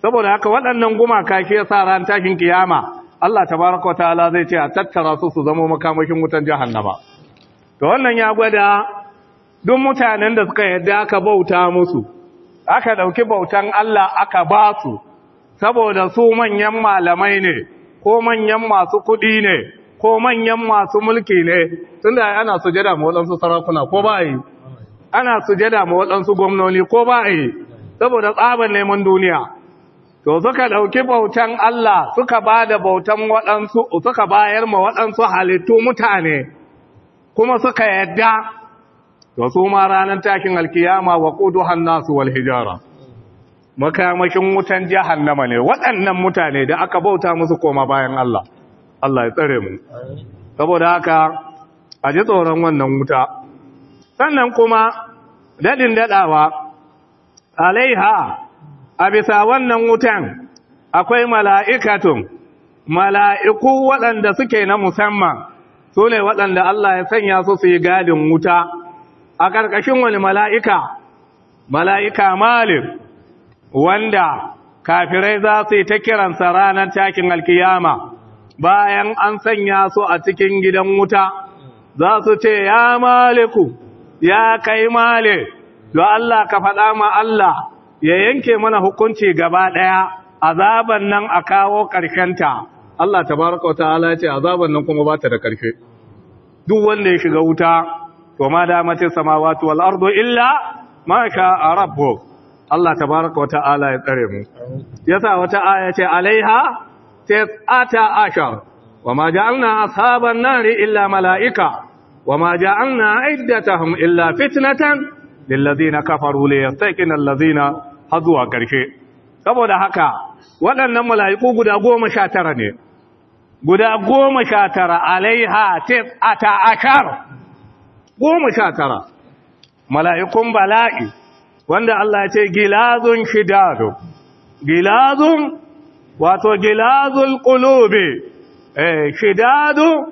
saboda haka waɗannan gumaka shi sa ran tashin kiyama Allah tabaraka wataala zai ce a tattara su su zama makamashin wutan jihar jahannama to wannan ya gwada duk mutanen da suka yarda aka bauta musu aka ɗauki bautan Allah aka ba su saboda su manyan malamai ne ko manyan masu kuɗi ne ko manyan masu mulki ne tunda ana sujada ma waɗansu sarakuna ko ba yi ana sujada ma waɗansu gwamnoni ko ba yi saboda tsaban neman duniya to suka ɗauki bautan Allah suka ba da bautan waɗansu suka bayar ma waɗansu halittu mutane kuma suka yadda to su ma ranar takin alkiyama wa quduhan nasu wal hijara makamakin wutan jahannama ne waɗannan mutane da aka bauta musu koma bayan Allah Allah ya tsare mu saboda haka a ji tsoron wannan wuta sannan kuma daɗin daɗawa. alaiha a bisa wannan wutan akwai mala'ikatun mala'iku waɗanda suke na musamman su ne waɗanda Allah ya sanya su su yi gadin wuta a ƙarƙashin wani mala'ika mala'ika malif wanda kafirai za su yi ta kiransa ranar cakin alkiyama bayan an sanya su a cikin gidan wuta za su ce ya maliku ya kai male do Allah ka faɗa ma Allah ya yanke mana hukunci gaba ɗaya azaban nan a kawo ƙarfenta. Allah Ta tabaraka ta'ala ce azaban nan kuma ba ta da ƙarfe. duk wanda ya shiga wuta to ma damatin sama wal ardu illa ma a rabbu Allah Ta tabaraka ta'ala ya tsare mu yasa wata aya ce alaiha tsata ashar wa ma ja ja'alna ashaban nari illa malaika wa ma ja ja'alna iddatahum illa fitnatan lil ladina kafaru li yastaqina alladhina har zuwa ƙarshe saboda haka waɗannan mala'iku guda goma sha tara ne guda goma sha tara alaiha a ashar goma sha tara mala'ikun bala'i wanda Allah ya ce gilazun shidadu gilazun wato gilazun ƙulubi eh shidadu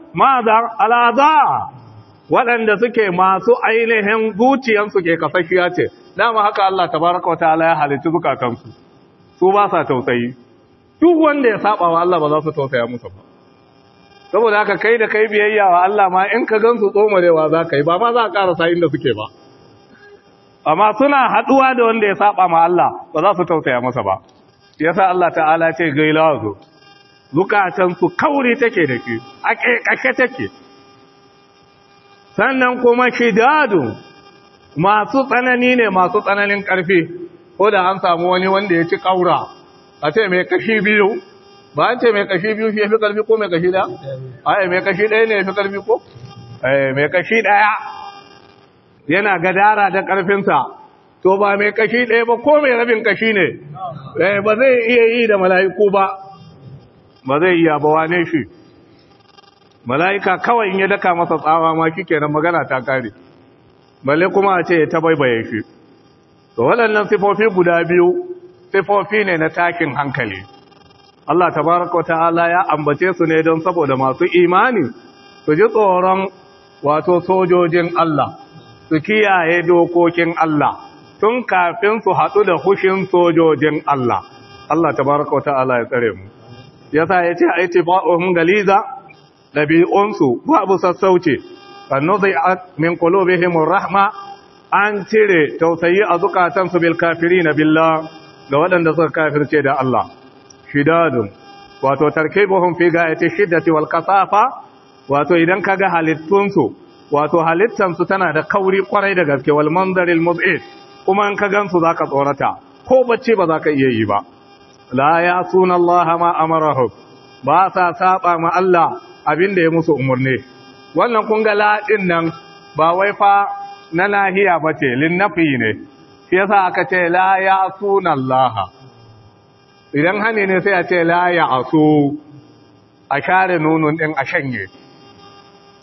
alaza waɗanda suke masu ainihin zuciyarsu ke kafashiya ce dama haka Allah tabaraka wa ta'ala ya halitta zukatansu su ba sa tausayi duk wanda ya saba wa Allah ba za su tausaya musu ba saboda haka kai da kai biyayya wa Allah ma in ka gansu tsomarewa za ka yi ba ma za ka sa inda suke ba amma suna haɗuwa da wanda ya saba ma Allah ba za su tausaya masa ba yasa Allah ta'ala ce gailawa zo zukatan kauri take da ke a kekake take sannan kuma shidadu masu tsanani ne masu tsananin ƙarfi ko da an samu wani wanda ya ci ƙaura a ce mai kashi biyu ba an ce mai kashi biyu shi ya fi ƙarfi ko mai kashi ɗaya ai mai kashi ɗaya ne ya fi ƙarfi ko eh, mai kashi ɗaya yana gadara da ƙarfinsa to ba mai kashi ɗaya ba ko mai rabin kashi ne eh, ba zai iya yi da mala'iku ba ba zai iya ba wane shi mala'ika kawai in ya daka masa tsawa ma kikenan magana ta kare balle kuma a ce ya baibaye shi to waɗannan sifofi guda biyu sifofi ne na takin hankali Allah tabaraka ta'ala ya ambace su ne don saboda masu imani su ji tsoron wato sojojin Allah su kiyaye dokokin Allah tun kafin su haɗu da hushin sojojin Allah Allah tabaraka ta'ala ya tsare mu yasa yace aitifa'uhum galiza dabi'unsu babu sassauce fannuzi min qulubihimur rahma an cire tausayi a zukatansu bil na billah ga waɗanda suka kafirce da Allah shidadun wato tarkibuhum fi ga'ati shiddati wal kasafa wato idan kaga halittunsu wato halittansu tana da kauri kwarai da gaske wal manzaril muz'id kuma in ka gansu zaka tsorata ko bacci ba zaka iya yi ba la ya'suna ma amarahum ba sa saba ma Allah abinda ya musu umurni wannan kun ga laɗin nan ba wai fa na nahiya ba ce linnafi ne shi yasa aka ce la ya suna Allah idan hani ne sai a ce la ya aso a share nunun din a shanye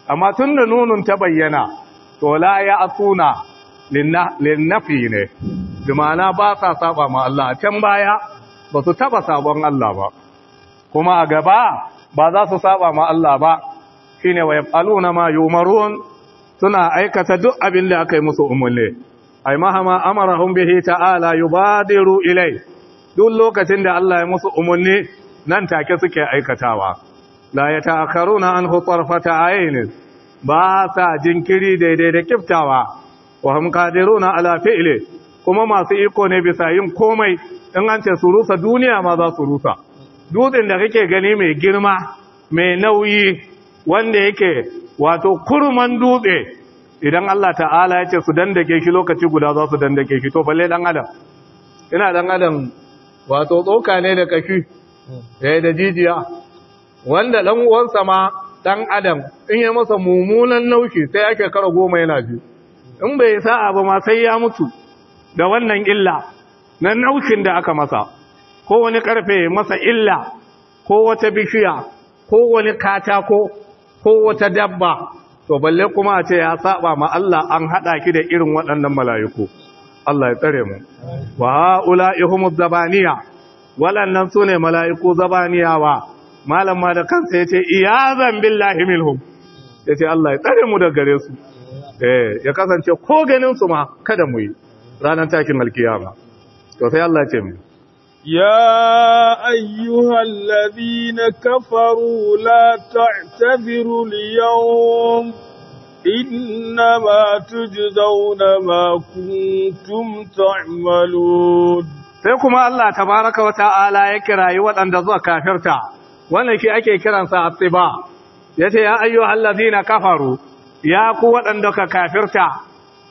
amma tun da nunun ta bayyana to la ya suna linnafi ne bi ma'ana ba sa saba ma Allah can baya ba su taba sabon Allah ba kuma a gaba ba za su saba ma Allah ba shine wa yaf'aluna ma yumarun suna aikata duk abin da aka yi musu umurni ai mahama amarahum bihi ta'ala yubadiru ilai duk lokacin da Allah ya musu umarni, nan take suke aikatawa la yata'akharuna anhu tarfata ayn ba sa jinkiri daidai da kiftawa wa hum qadiruna ala fi'li kuma masu iko ne bisa yin komai in an ce su duniya ma za su rusa dutsen da kake gani mai girma mai nauyi wanda yake wato kurman dutse idan Allah ta'ala ya ce su dandake shi lokaci guda za su dandake shi to balle dan adam ina dan adam wato tsoka ne da kafi eh da jijiya wanda dan uwansa ma dan adam in ya masa mumunan naushi sai ake karo goma yana ji in bai sa'a ba ma sai ya mutu da wannan illa na naushin da aka masa ko wani karfe masa illa ko wata bishiya ko wani katako ko wata dabba to balle kuma a ce ya saba ma Allah an haɗa ki da irin waɗannan mala'iku Allah ya tsare mu wa ihumu zabaniya waɗannan sune mala'iku wa malam ma da kansa yace iyazan billahi minhum yace Allah ya tsare mu daga gare su eh, ya kasance ko ganin su ma kada mu yi ranar takin alkiyama to sai Allah ya ce mu يا أيها الذين كفروا لا تعتذروا اليوم إنما تجزون ما كنتم تعملون sai kuma Allah tabaraka wata'ala ya kirayi waɗanda zuwa kafirta wannan shi ake kiransa atiba yace ya ayyuhal na kafaru ya ku waɗanda ka kafirta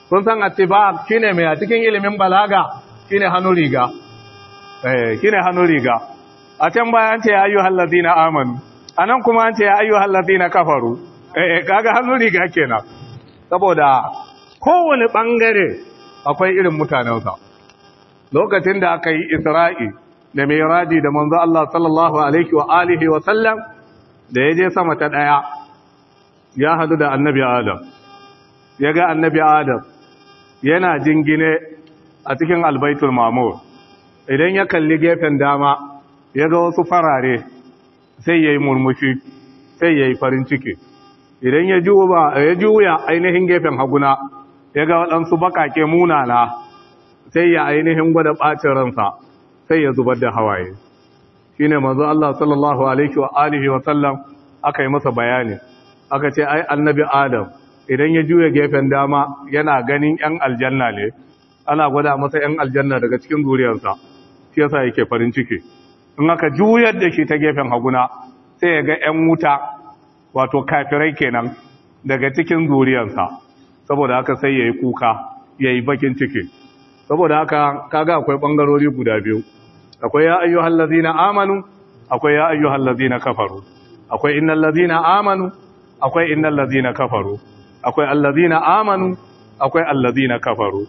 kun san atiba shine mai a cikin ilimin balaga shine hannu riga Eh, kine hannun riga a can baya an ce ya ayyuhal na amanu nan kuma an ce ya ayyuhal na kafaru eh kaga hannun riga kenan saboda kowane bangare akwai irin mutanensa lokacin da aka yi isra'i da mai radi da manzo Allah sallallahu alaihi wa alihi wa sallam da yaje sama ta daya ya hadu da annabi adam ya ga annabi adam yana jingine a cikin albaitul mamur idan ya kalli gefen dama ya ga wasu farare sai ya yi murmushi sai ya yi farin ciki idan ya juya ainihin gefen haguna ya ga waɗansu bakake munana sai ya ainihin gwada ɓacin ransa sai ya zubar da hawaye shi ne manzo Allah sallallahu alaihi wa alihi wa sallam aka yi masa bayani aka ce ai annabi adam idan ya juya gefen dama yana ganin yan aljanna ne ana gwada masa yan aljanna daga cikin zuriyarsa shi yasa yake farin ciki in aka juyar da shi ta gefen haguna sai ya ga ƴan wuta wato kafirai kenan daga cikin zuriyarsa saboda haka sai yayi kuka yayi bakin ciki saboda haka kaga akwai bangarori guda biyu akwai ya ayyuhal ladina amanu akwai ya ayyuhal na kafaru akwai innal ladina amanu akwai innal na kafaru akwai allazina amanu akwai allazina kafaru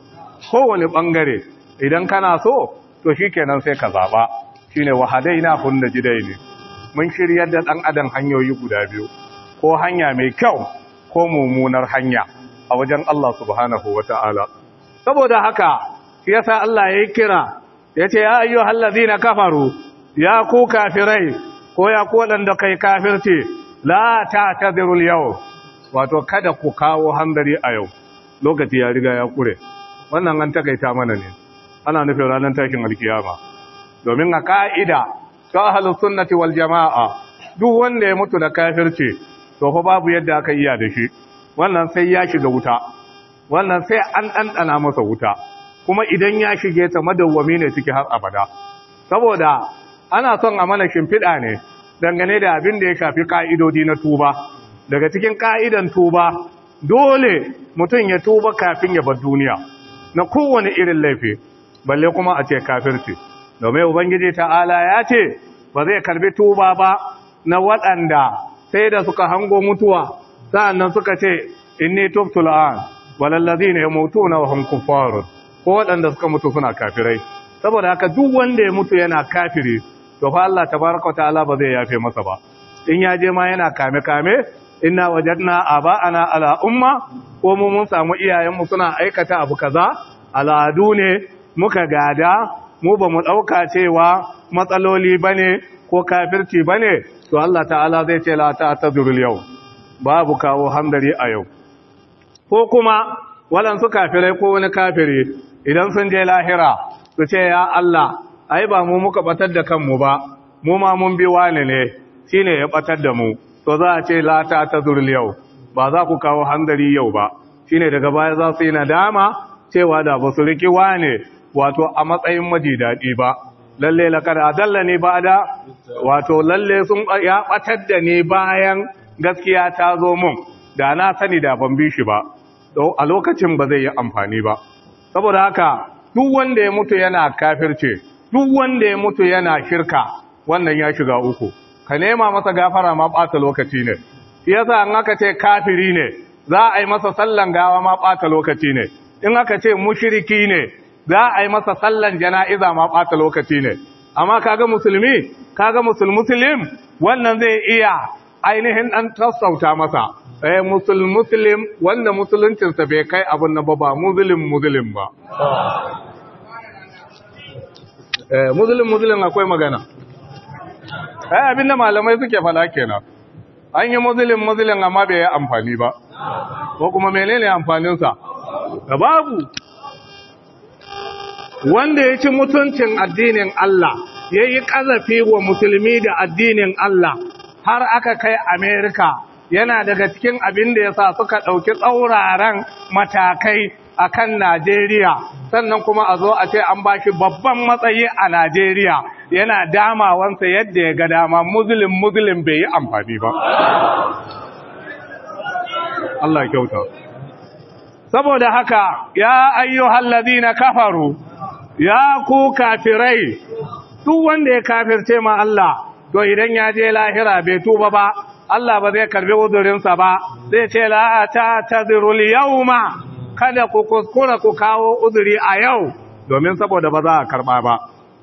kowane bangare idan kana so to shi kenan sai ka zaɓa shi ne wahadai na hunna jidai ne mun shiryar da ɗan adam hanyoyi guda biyu ko hanya mai kyau ko mummunar hanya a wajen Allah subhanahu wa ta'ala saboda haka shi yasa Allah ya yi kira ya ce ya ayyu na kafaru ya ku kafirai ko ya ku waɗanda kai kafirce la ta tazirul yau wato kada ku kawo hambari a yau lokaci ya riga ya kure wannan an takaita mana ne ana nufin ranar takin alkiyama domin a ka'ida ta halin sunnati wal jama'a duk wanda ya mutu da kafirci to fa babu yadda aka iya da shi wannan sai ya shiga wuta wannan sai an ɗanɗana masa wuta kuma idan ya shige ta madawwami ne ciki har abada saboda ana son a mana shimfiɗa ne dangane da abin da ya shafi ka'idodi na tuba daga cikin ka'idan tuba dole mutum ya tuba kafin ya bar duniya na kowane irin laifi balle kuma a ce kafirce. domin ubangiji ta'ala ya ce ba zai karbi tuba ba na waɗanda sai da suka hango mutuwa sa'annan suka ce inni tubtu al'an walallazina yamutuna wa hum kuffarun ko waɗanda suka mutu suna kafirai saboda haka duk wanda ya mutu yana kafiri to fa Allah tabaraka wa ta'ala ba zai yafe masa ba in ya je ma yana kame kame inna wajadna aba'ana ala umma ko mu mun samu iyayen mu suna aikata abu kaza al'adu ne muka gada mu ba mu ɗauka cewa matsaloli ba ko kafirci bane ne to Allah ta'ala zai ce lata ta zurul yau babu kawo hamdari a yau ko kuma waɗansu kafirai ko wani kafiri idan sun je lahira su ce ya Allah ai ba mu muka batar da kanmu ba mu ma mun bi wani ne shi ne ya batar da mu to za a ce lata ta zurul yau ba za ku kawo hamdari yau ba shi ne daga baya za su yi nadama cewa da ba su riƙi wane wato a matsayin maji ba lalle laqad adalla ne ba da wato lalle sun ya ɓatar da ne bayan gaskiya ta zo mun da na sani da ban bi shi ba a lokacin ba zai yi amfani ba saboda haka duk wanda ya mutu yana kafirce duk wanda ya mutu yana shirka wannan ya shiga uku ka nema masa gafara ma ɓata lokaci ne yasa an aka ce kafiri ne za a yi masa sallan gawa ma ɓata lokaci ne in aka ce mushiriki ne za a yi masa sallan jana'iza ma ɓata lokaci ne amma kaga musulmi kaga musulmusulim wannan zai iya ainihin ɗan tasauta masa eh musulmusulim wanda musuluncinsa bai kai abin na ba ba muzulim muzulim ba eh muzulim muzulim akwai magana eh abinda malamai suke fada kenan an yi muzulim muzulim amma bai yi amfani ba ko kuma menene amfaninsa babu wanda ya ci mutuncin addinin Allah ya yi ƙazafi wa musulmi da addinin Allah har aka kai Amerika yana daga cikin abin da ya sa suka ɗauki tsauraran matakai a kan Najeriya sannan kuma a zo a ce an ba shi babban matsayi a Najeriya yana damawansa yadda ya ga dama muzulin muzulin bai yi amfani ba. Allah kyauta. Saboda haka, ya ayyuhallazi na kafaru. ya ku kafirai duk wanda ya kafirce ma Allah to idan ya je lahira bai tuba ba Allah ba zai karbi uzurinsa ba zai ce la ta tazirul yawma kada ku kuskura ku kawo uzuri a yau domin saboda ba za a karba ba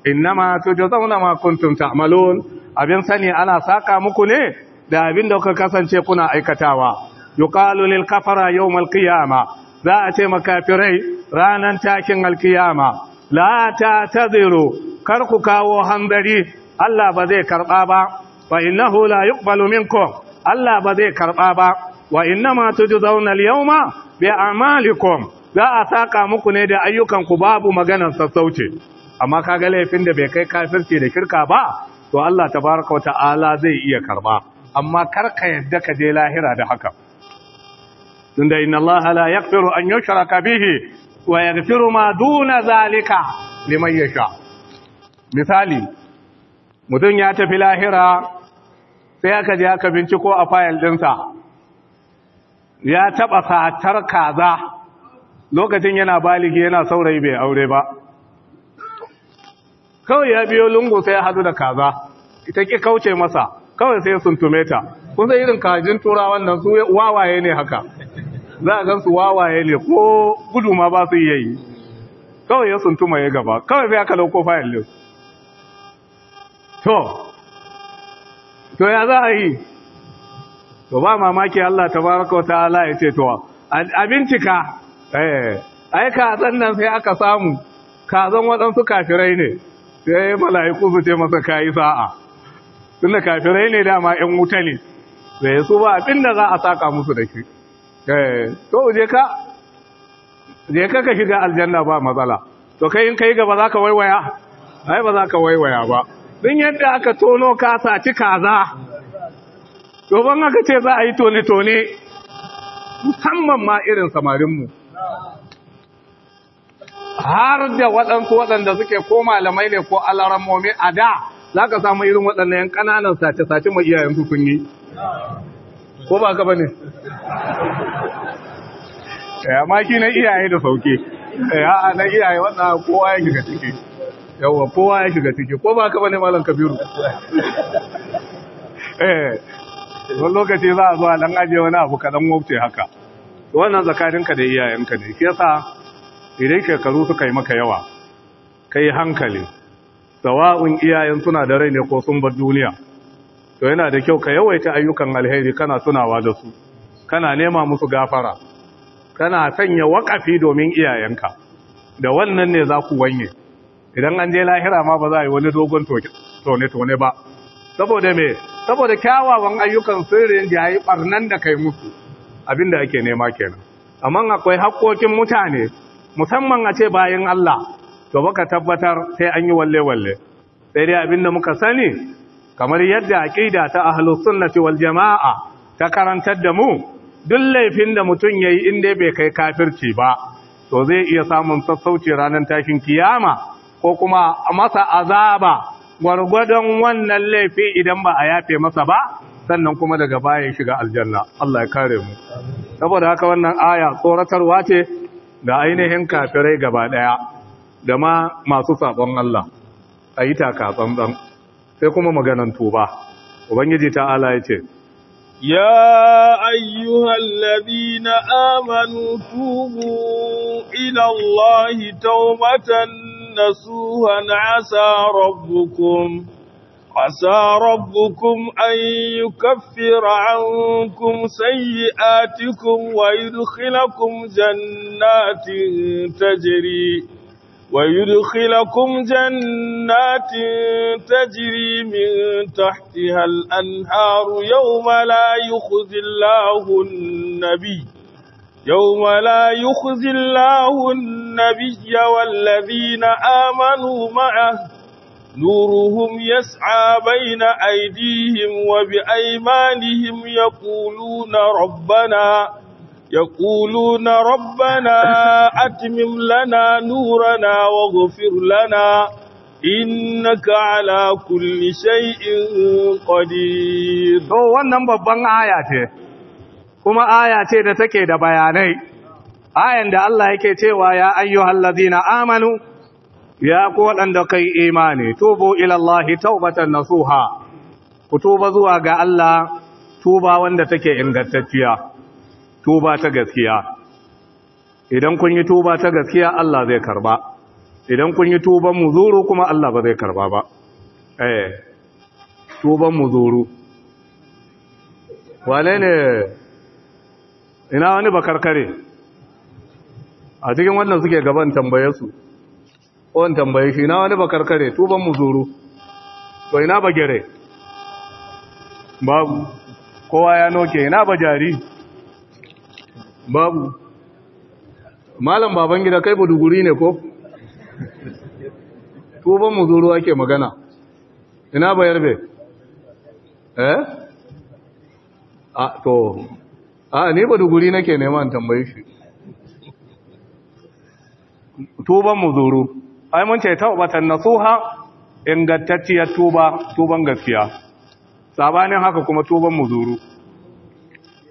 innama tujzauna ma kuntum ta'malun abin sani ana saka muku ne da abin da kuka kasance kuna aikatawa yuqalu lil kafara yawmal za a ce makafirai ranan takin alkiyama la ta taziru kar ku kawo hanzari Allah ba zai karba ba wa innahu la yuqbalu minkum Allah ba zai karba ba wa innama tujzauna al-yawma bi a'malikum za a saka muku ne da ayyukan ku babu maganar sassauce amma kaga laifin da bai kai kafirci da kirka ba to Allah tabaraka wa ta'ala zai iya karba amma kar ka yadda ka je lahira da haka tunda inna Allah la yaghfiru an yushraka bihi wa yaghfiru ma duna zalika liman yasha misali mutum ya tafi lahira sai aka je aka binciko a fayil ɗinsa, ya taɓa satar kaza lokacin yana baligi yana saurayi bai aure ba kawai ya biyo lungu sai ya hadu da kaza ita ki kauce masa kawai sai sun tume kun sai irin kajin tura wannan su wawaye ne haka za a gansu wawaye ne ko gudu ma ba su yi kawai ya suntuma ya gaba kawai sai aka lauko fayil din to to ya za a yi to ba mamaki Allah ta baraka wa ta'ala ya ce to a bincika eh ai ka sannan sai aka samu ka zan waɗansu kafirai ne sai mala'iku su ce masa kayi sa'a tunda kafirai ne dama 'yan wuta ne sai su ba abin da za a saka musu da shi eh to je ka je ka ka shiga aljanna ba matsala to kai in kai gaba za ka waiwaya ai ba za ka waiwaya ba din yadda aka tono ka saci kaza to ban aka ce za a yi tone tone musamman ma irin samarin mu har da waɗansu waɗanda suke ko malamai ne ko alarammomi a da za ka samu irin waɗannan ƙananan sace-sace mai iyayen su sun yi ko ba ka bane eh, amma maki na iyaye da sauke eh, a na iyaye wannan kowa ya shiga ciki yawa kowa ya shiga ciki ko ba ka bane malam kabiru eh don lokaci za a zuwa dan aje wani abu ka dan wofte haka wannan zakarinka da iyayenka ne shi yasa idan shekaru suka yi maka yawa kai hankali sawa'un iyayen suna da rai ne ko sun bar duniya to yana da kyau ka yawaita ayyukan alheri kana tunawa da su kana nema musu gafara kana sanya wakafi domin iyayenka da wannan ne za ku wanye idan an je lahira ma ba za a yi wani dogon tone-tone ba saboda me saboda kyawawan ayyukan sirrin da yi barnan da kai musu abinda ake nema kenan amma akwai haƙƙoƙin mutane musamman a ce bayan Allah to baka tabbatar sai an yi walle-walle sai dai abinda muka sani kamar yadda aqida ta ahlus sunnati wal jamaa ta karantar da mu duk laifin da mutun yayi in bai kai kafirci ba to zai iya samun sassauci ranar tashin kiyama ko kuma masa azaba gwargwadon wannan laifi idan ba a yafe masa ba sannan kuma daga baya ya shiga aljanna Allah ya kare mu saboda haka wannan aya tsoratarwa ce da ainihin kafirai gaba daya da ma masu sabon Allah ayi taka tsantsan sai kuma maganan tuba ubangiji ta ala yake ya ayyuhal ladina amanu tubu ila allahi tawbatan nasuha asa rabbukum asa rabbukum an yukaffira ankum sayi'atikum wa yudkhilakum jannatin tajri ويدخلكم جنات تجري من تحتها الأنهار يوم لا يخزي الله النبي يوم لا يخزي الله النبي والذين آمنوا معه نورهم يسعى بين أيديهم وبأيمانهم يقولون ربنا يقولون ربنا أتمم لنا نورنا واغفر لنا إنك على كل شيء قدير to wannan babban aya ce kuma aya ce da take da bayanai ayan da Allah yake cewa ya ayyuhal ladina amanu ya ku wadanda kai imani tubu ila Allah taubatan nasuha ku tuba zuwa ga Allah tuba wanda take ingantacciya tuba ta gaskiya idan kun yi tuba ta gaskiya Allah zai karba idan kun yi tuban muzuru kuma Allah ba zai karba ba eh tuban muzuru wane ne ina wani karkare? a cikin wannan suke gaban tambaye su on tambaye shi ina wani karkare? tuban muzuru to ina ba gere? babu kowa ya noke ina ba jari? babu malam baban gida kai buduguri ne ko tuban mu zuru ke magana ina bayar be eh a to a ne buduguri nake neman tambaye shi tuban mu zuru ai mun ce taubatan nasuha ingantacciyar tuba tuban gaskiya sabanin haka kuma tuban mu zuru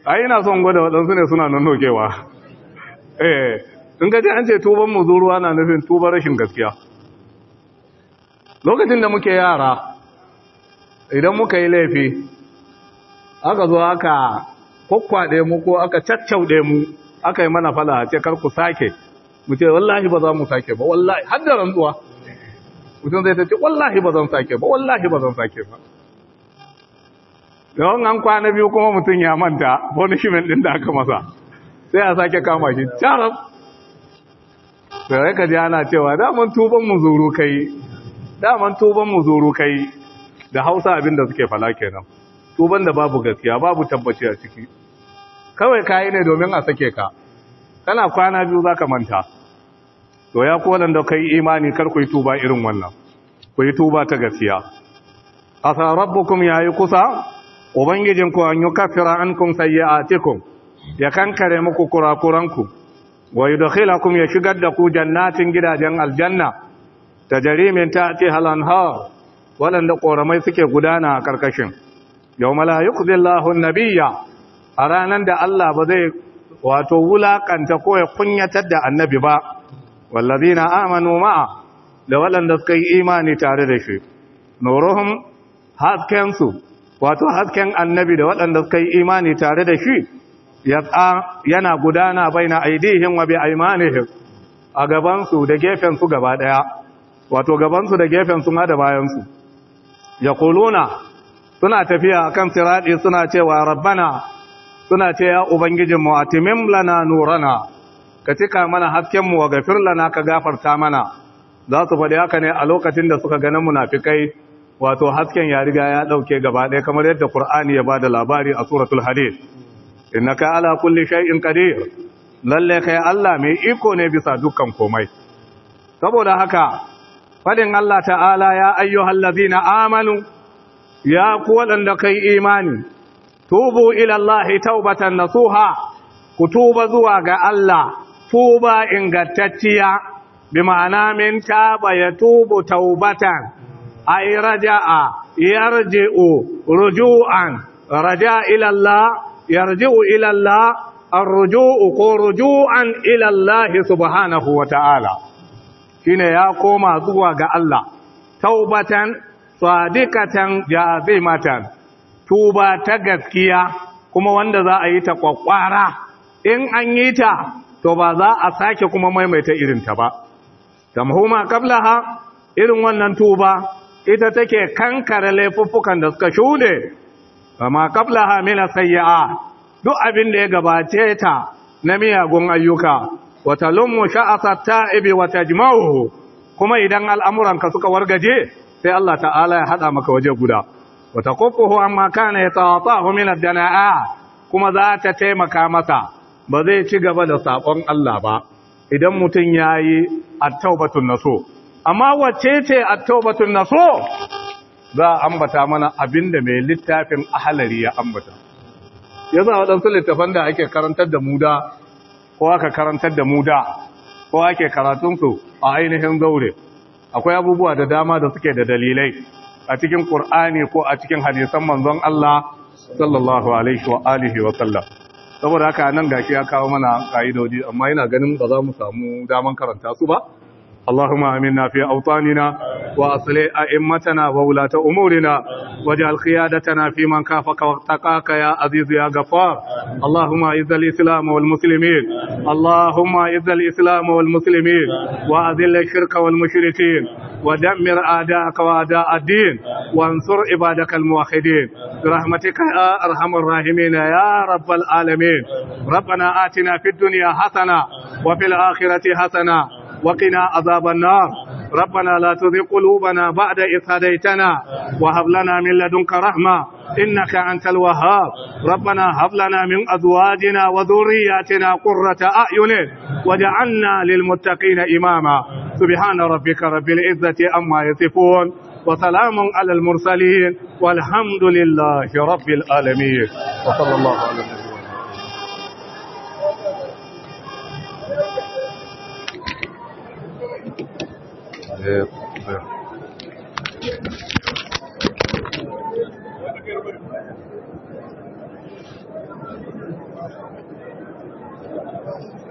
ai ina son gwada waɗansu ne suna nan nokewa eh in ka an ce tuban mu zuruwa na nufin tuban rashin gaskiya lokacin da muke yara idan muka yi laifi aka zo aka kwakwaɗe mu ko aka caccauɗe mu aka yi mana fada ce kar ku sake mu ce wallahi ba za mu sake ba wallahi har da rantsuwa mutum zai ta ce wallahi ba zan sake ba wallahi ba zan sake ba wani an kwana biyu kuma mutum ya manta punishment din da aka masa sai a sake kama shi carab sai ya kaji ana cewa daman tuban mu zuru kai daman tuban mu zuru kai da hausa abin da suke fala kenan tuban da babu gaskiya babu tabbaci a ciki kawai kayi ne domin a sake ka kana kwana biyu zaka manta to ya ku da kai imani kar ku yi tuba irin wannan ku yi tuba ta gaskiya asa rabbukum yayi kusa ubangijin ku an yukaffira a sayyi'atikum ya kankare muku kurakuranku wa yudkhilakum ya shigar da ku jannatin gidajen aljanna jarimin ta ce al-anhar waɗanda ƙoramai suke gudana a ƙarƙashin yau malayuk zillahun nabiya a ranar da Allah ba zai wato wulaƙanta ko ya kunyatar da annabi ba wallazi na amanu ma'a da waɗanda suka yi imani tare da shi nuruhun haskensu wato hasken annabi da waɗanda suka yi imani tare da shi yana gudana bai na aidihin wa bi aimanihin a gabansu da gefensu gaba ɗaya. wato gabansu da gefensu ma da bayansu Yakuluna suna tafiya kan siraɗi suna cewa rabbana suna ce ya ubangijin mu atimim lana nurana ka cika mana haskenmu wa gafirlana lana ka gafarta mana za su faɗi haka ne a lokacin da suka ga na munafikai wato hasken ya riga ya dauke gaba ɗaya kamar yadda Qur'ani ya bada labari a suratul hadid innaka ala kulli shay'in qadir lalle kai Allah mai iko ne bisa dukkan komai saboda haka fadin Allah ta'ala ya ayyuhal ladina amanu ya ku wadanda kai imani tubu ila Allah taubatan nasuha ku tuba zuwa ga Allah tuba ingantacciya bi ma'ana min taba ya tubu taubatan ay raja'a yarji'u ruju'an raja ila Allah yarji'u ila Allah ar-ruju'u ko ruju'an ila Allah subhanahu wa ta'ala shine ya koma zuwa ga Allah taubatan sadiqatan jazimatan tuba ta gaskiya kuma wanda za a yi ta kwakwara in an yi ta to ba za a sake kuma maimaita irinta ba tamhuma qablaha irin wannan tuba ita take kankare laifuffukan da suka shude kama qablaha min sayya’a, duk abin da ya gabace ta na miyagun ayyuka wa sha'asar ta ta'ibi wa tajma'uhu kuma idan al'amuranka suka wargaje sai Allah ta'ala ya haɗa maka waje guda Wata taqaffuhu amma kana yata'atahu min ad-dana'a kuma za ta taimaka masa ba zai ci gaba da sabon Allah ba idan mutun yayi at-taubatun so amma wacce ce at-taubatun naso za a ambata mana abinda mai littafin ahalari ya ambata a waɗansu littafan da ake karantar da muda ko aka karantar da muda ko ake karatunsu a ainihin zaure akwai abubuwa da dama da suke da dalilai a cikin ƙur'ani ko a cikin hadisan manzon Allah sallallahu alaihi wa wa sallam saboda haka nan gashi ya kawo mana ƙa'idodi, amma yana ganin ba za mu samu daman karanta su ba اللهم امنا في اوطاننا واصلح ائمتنا وولاة امورنا واجعل قيادتنا في من كافك واتقاك يا عزيز يا غفار اللهم اعز الاسلام والمسلمين اللهم اعز الاسلام والمسلمين واذل الشرك والمشركين ودمر اعداءك واعداء الدين وانصر عبادك الموحدين برحمتك يا ارحم الراحمين يا رب العالمين ربنا آتنا في الدنيا حسنه وفي الاخره حسنه وقنا عذاب النار ربنا لا تذق قلوبنا بعد إذ هديتنا وهب لنا من لدنك رحمة إنك أنت الوهاب ربنا هب لنا من أزواجنا وذرياتنا قرة أعين وجعلنا للمتقين إماما سبحان ربك رب العزة أما يصفون وسلام على المرسلين والحمد لله رب العالمين وصلى الله على النبي É, é. Thank you.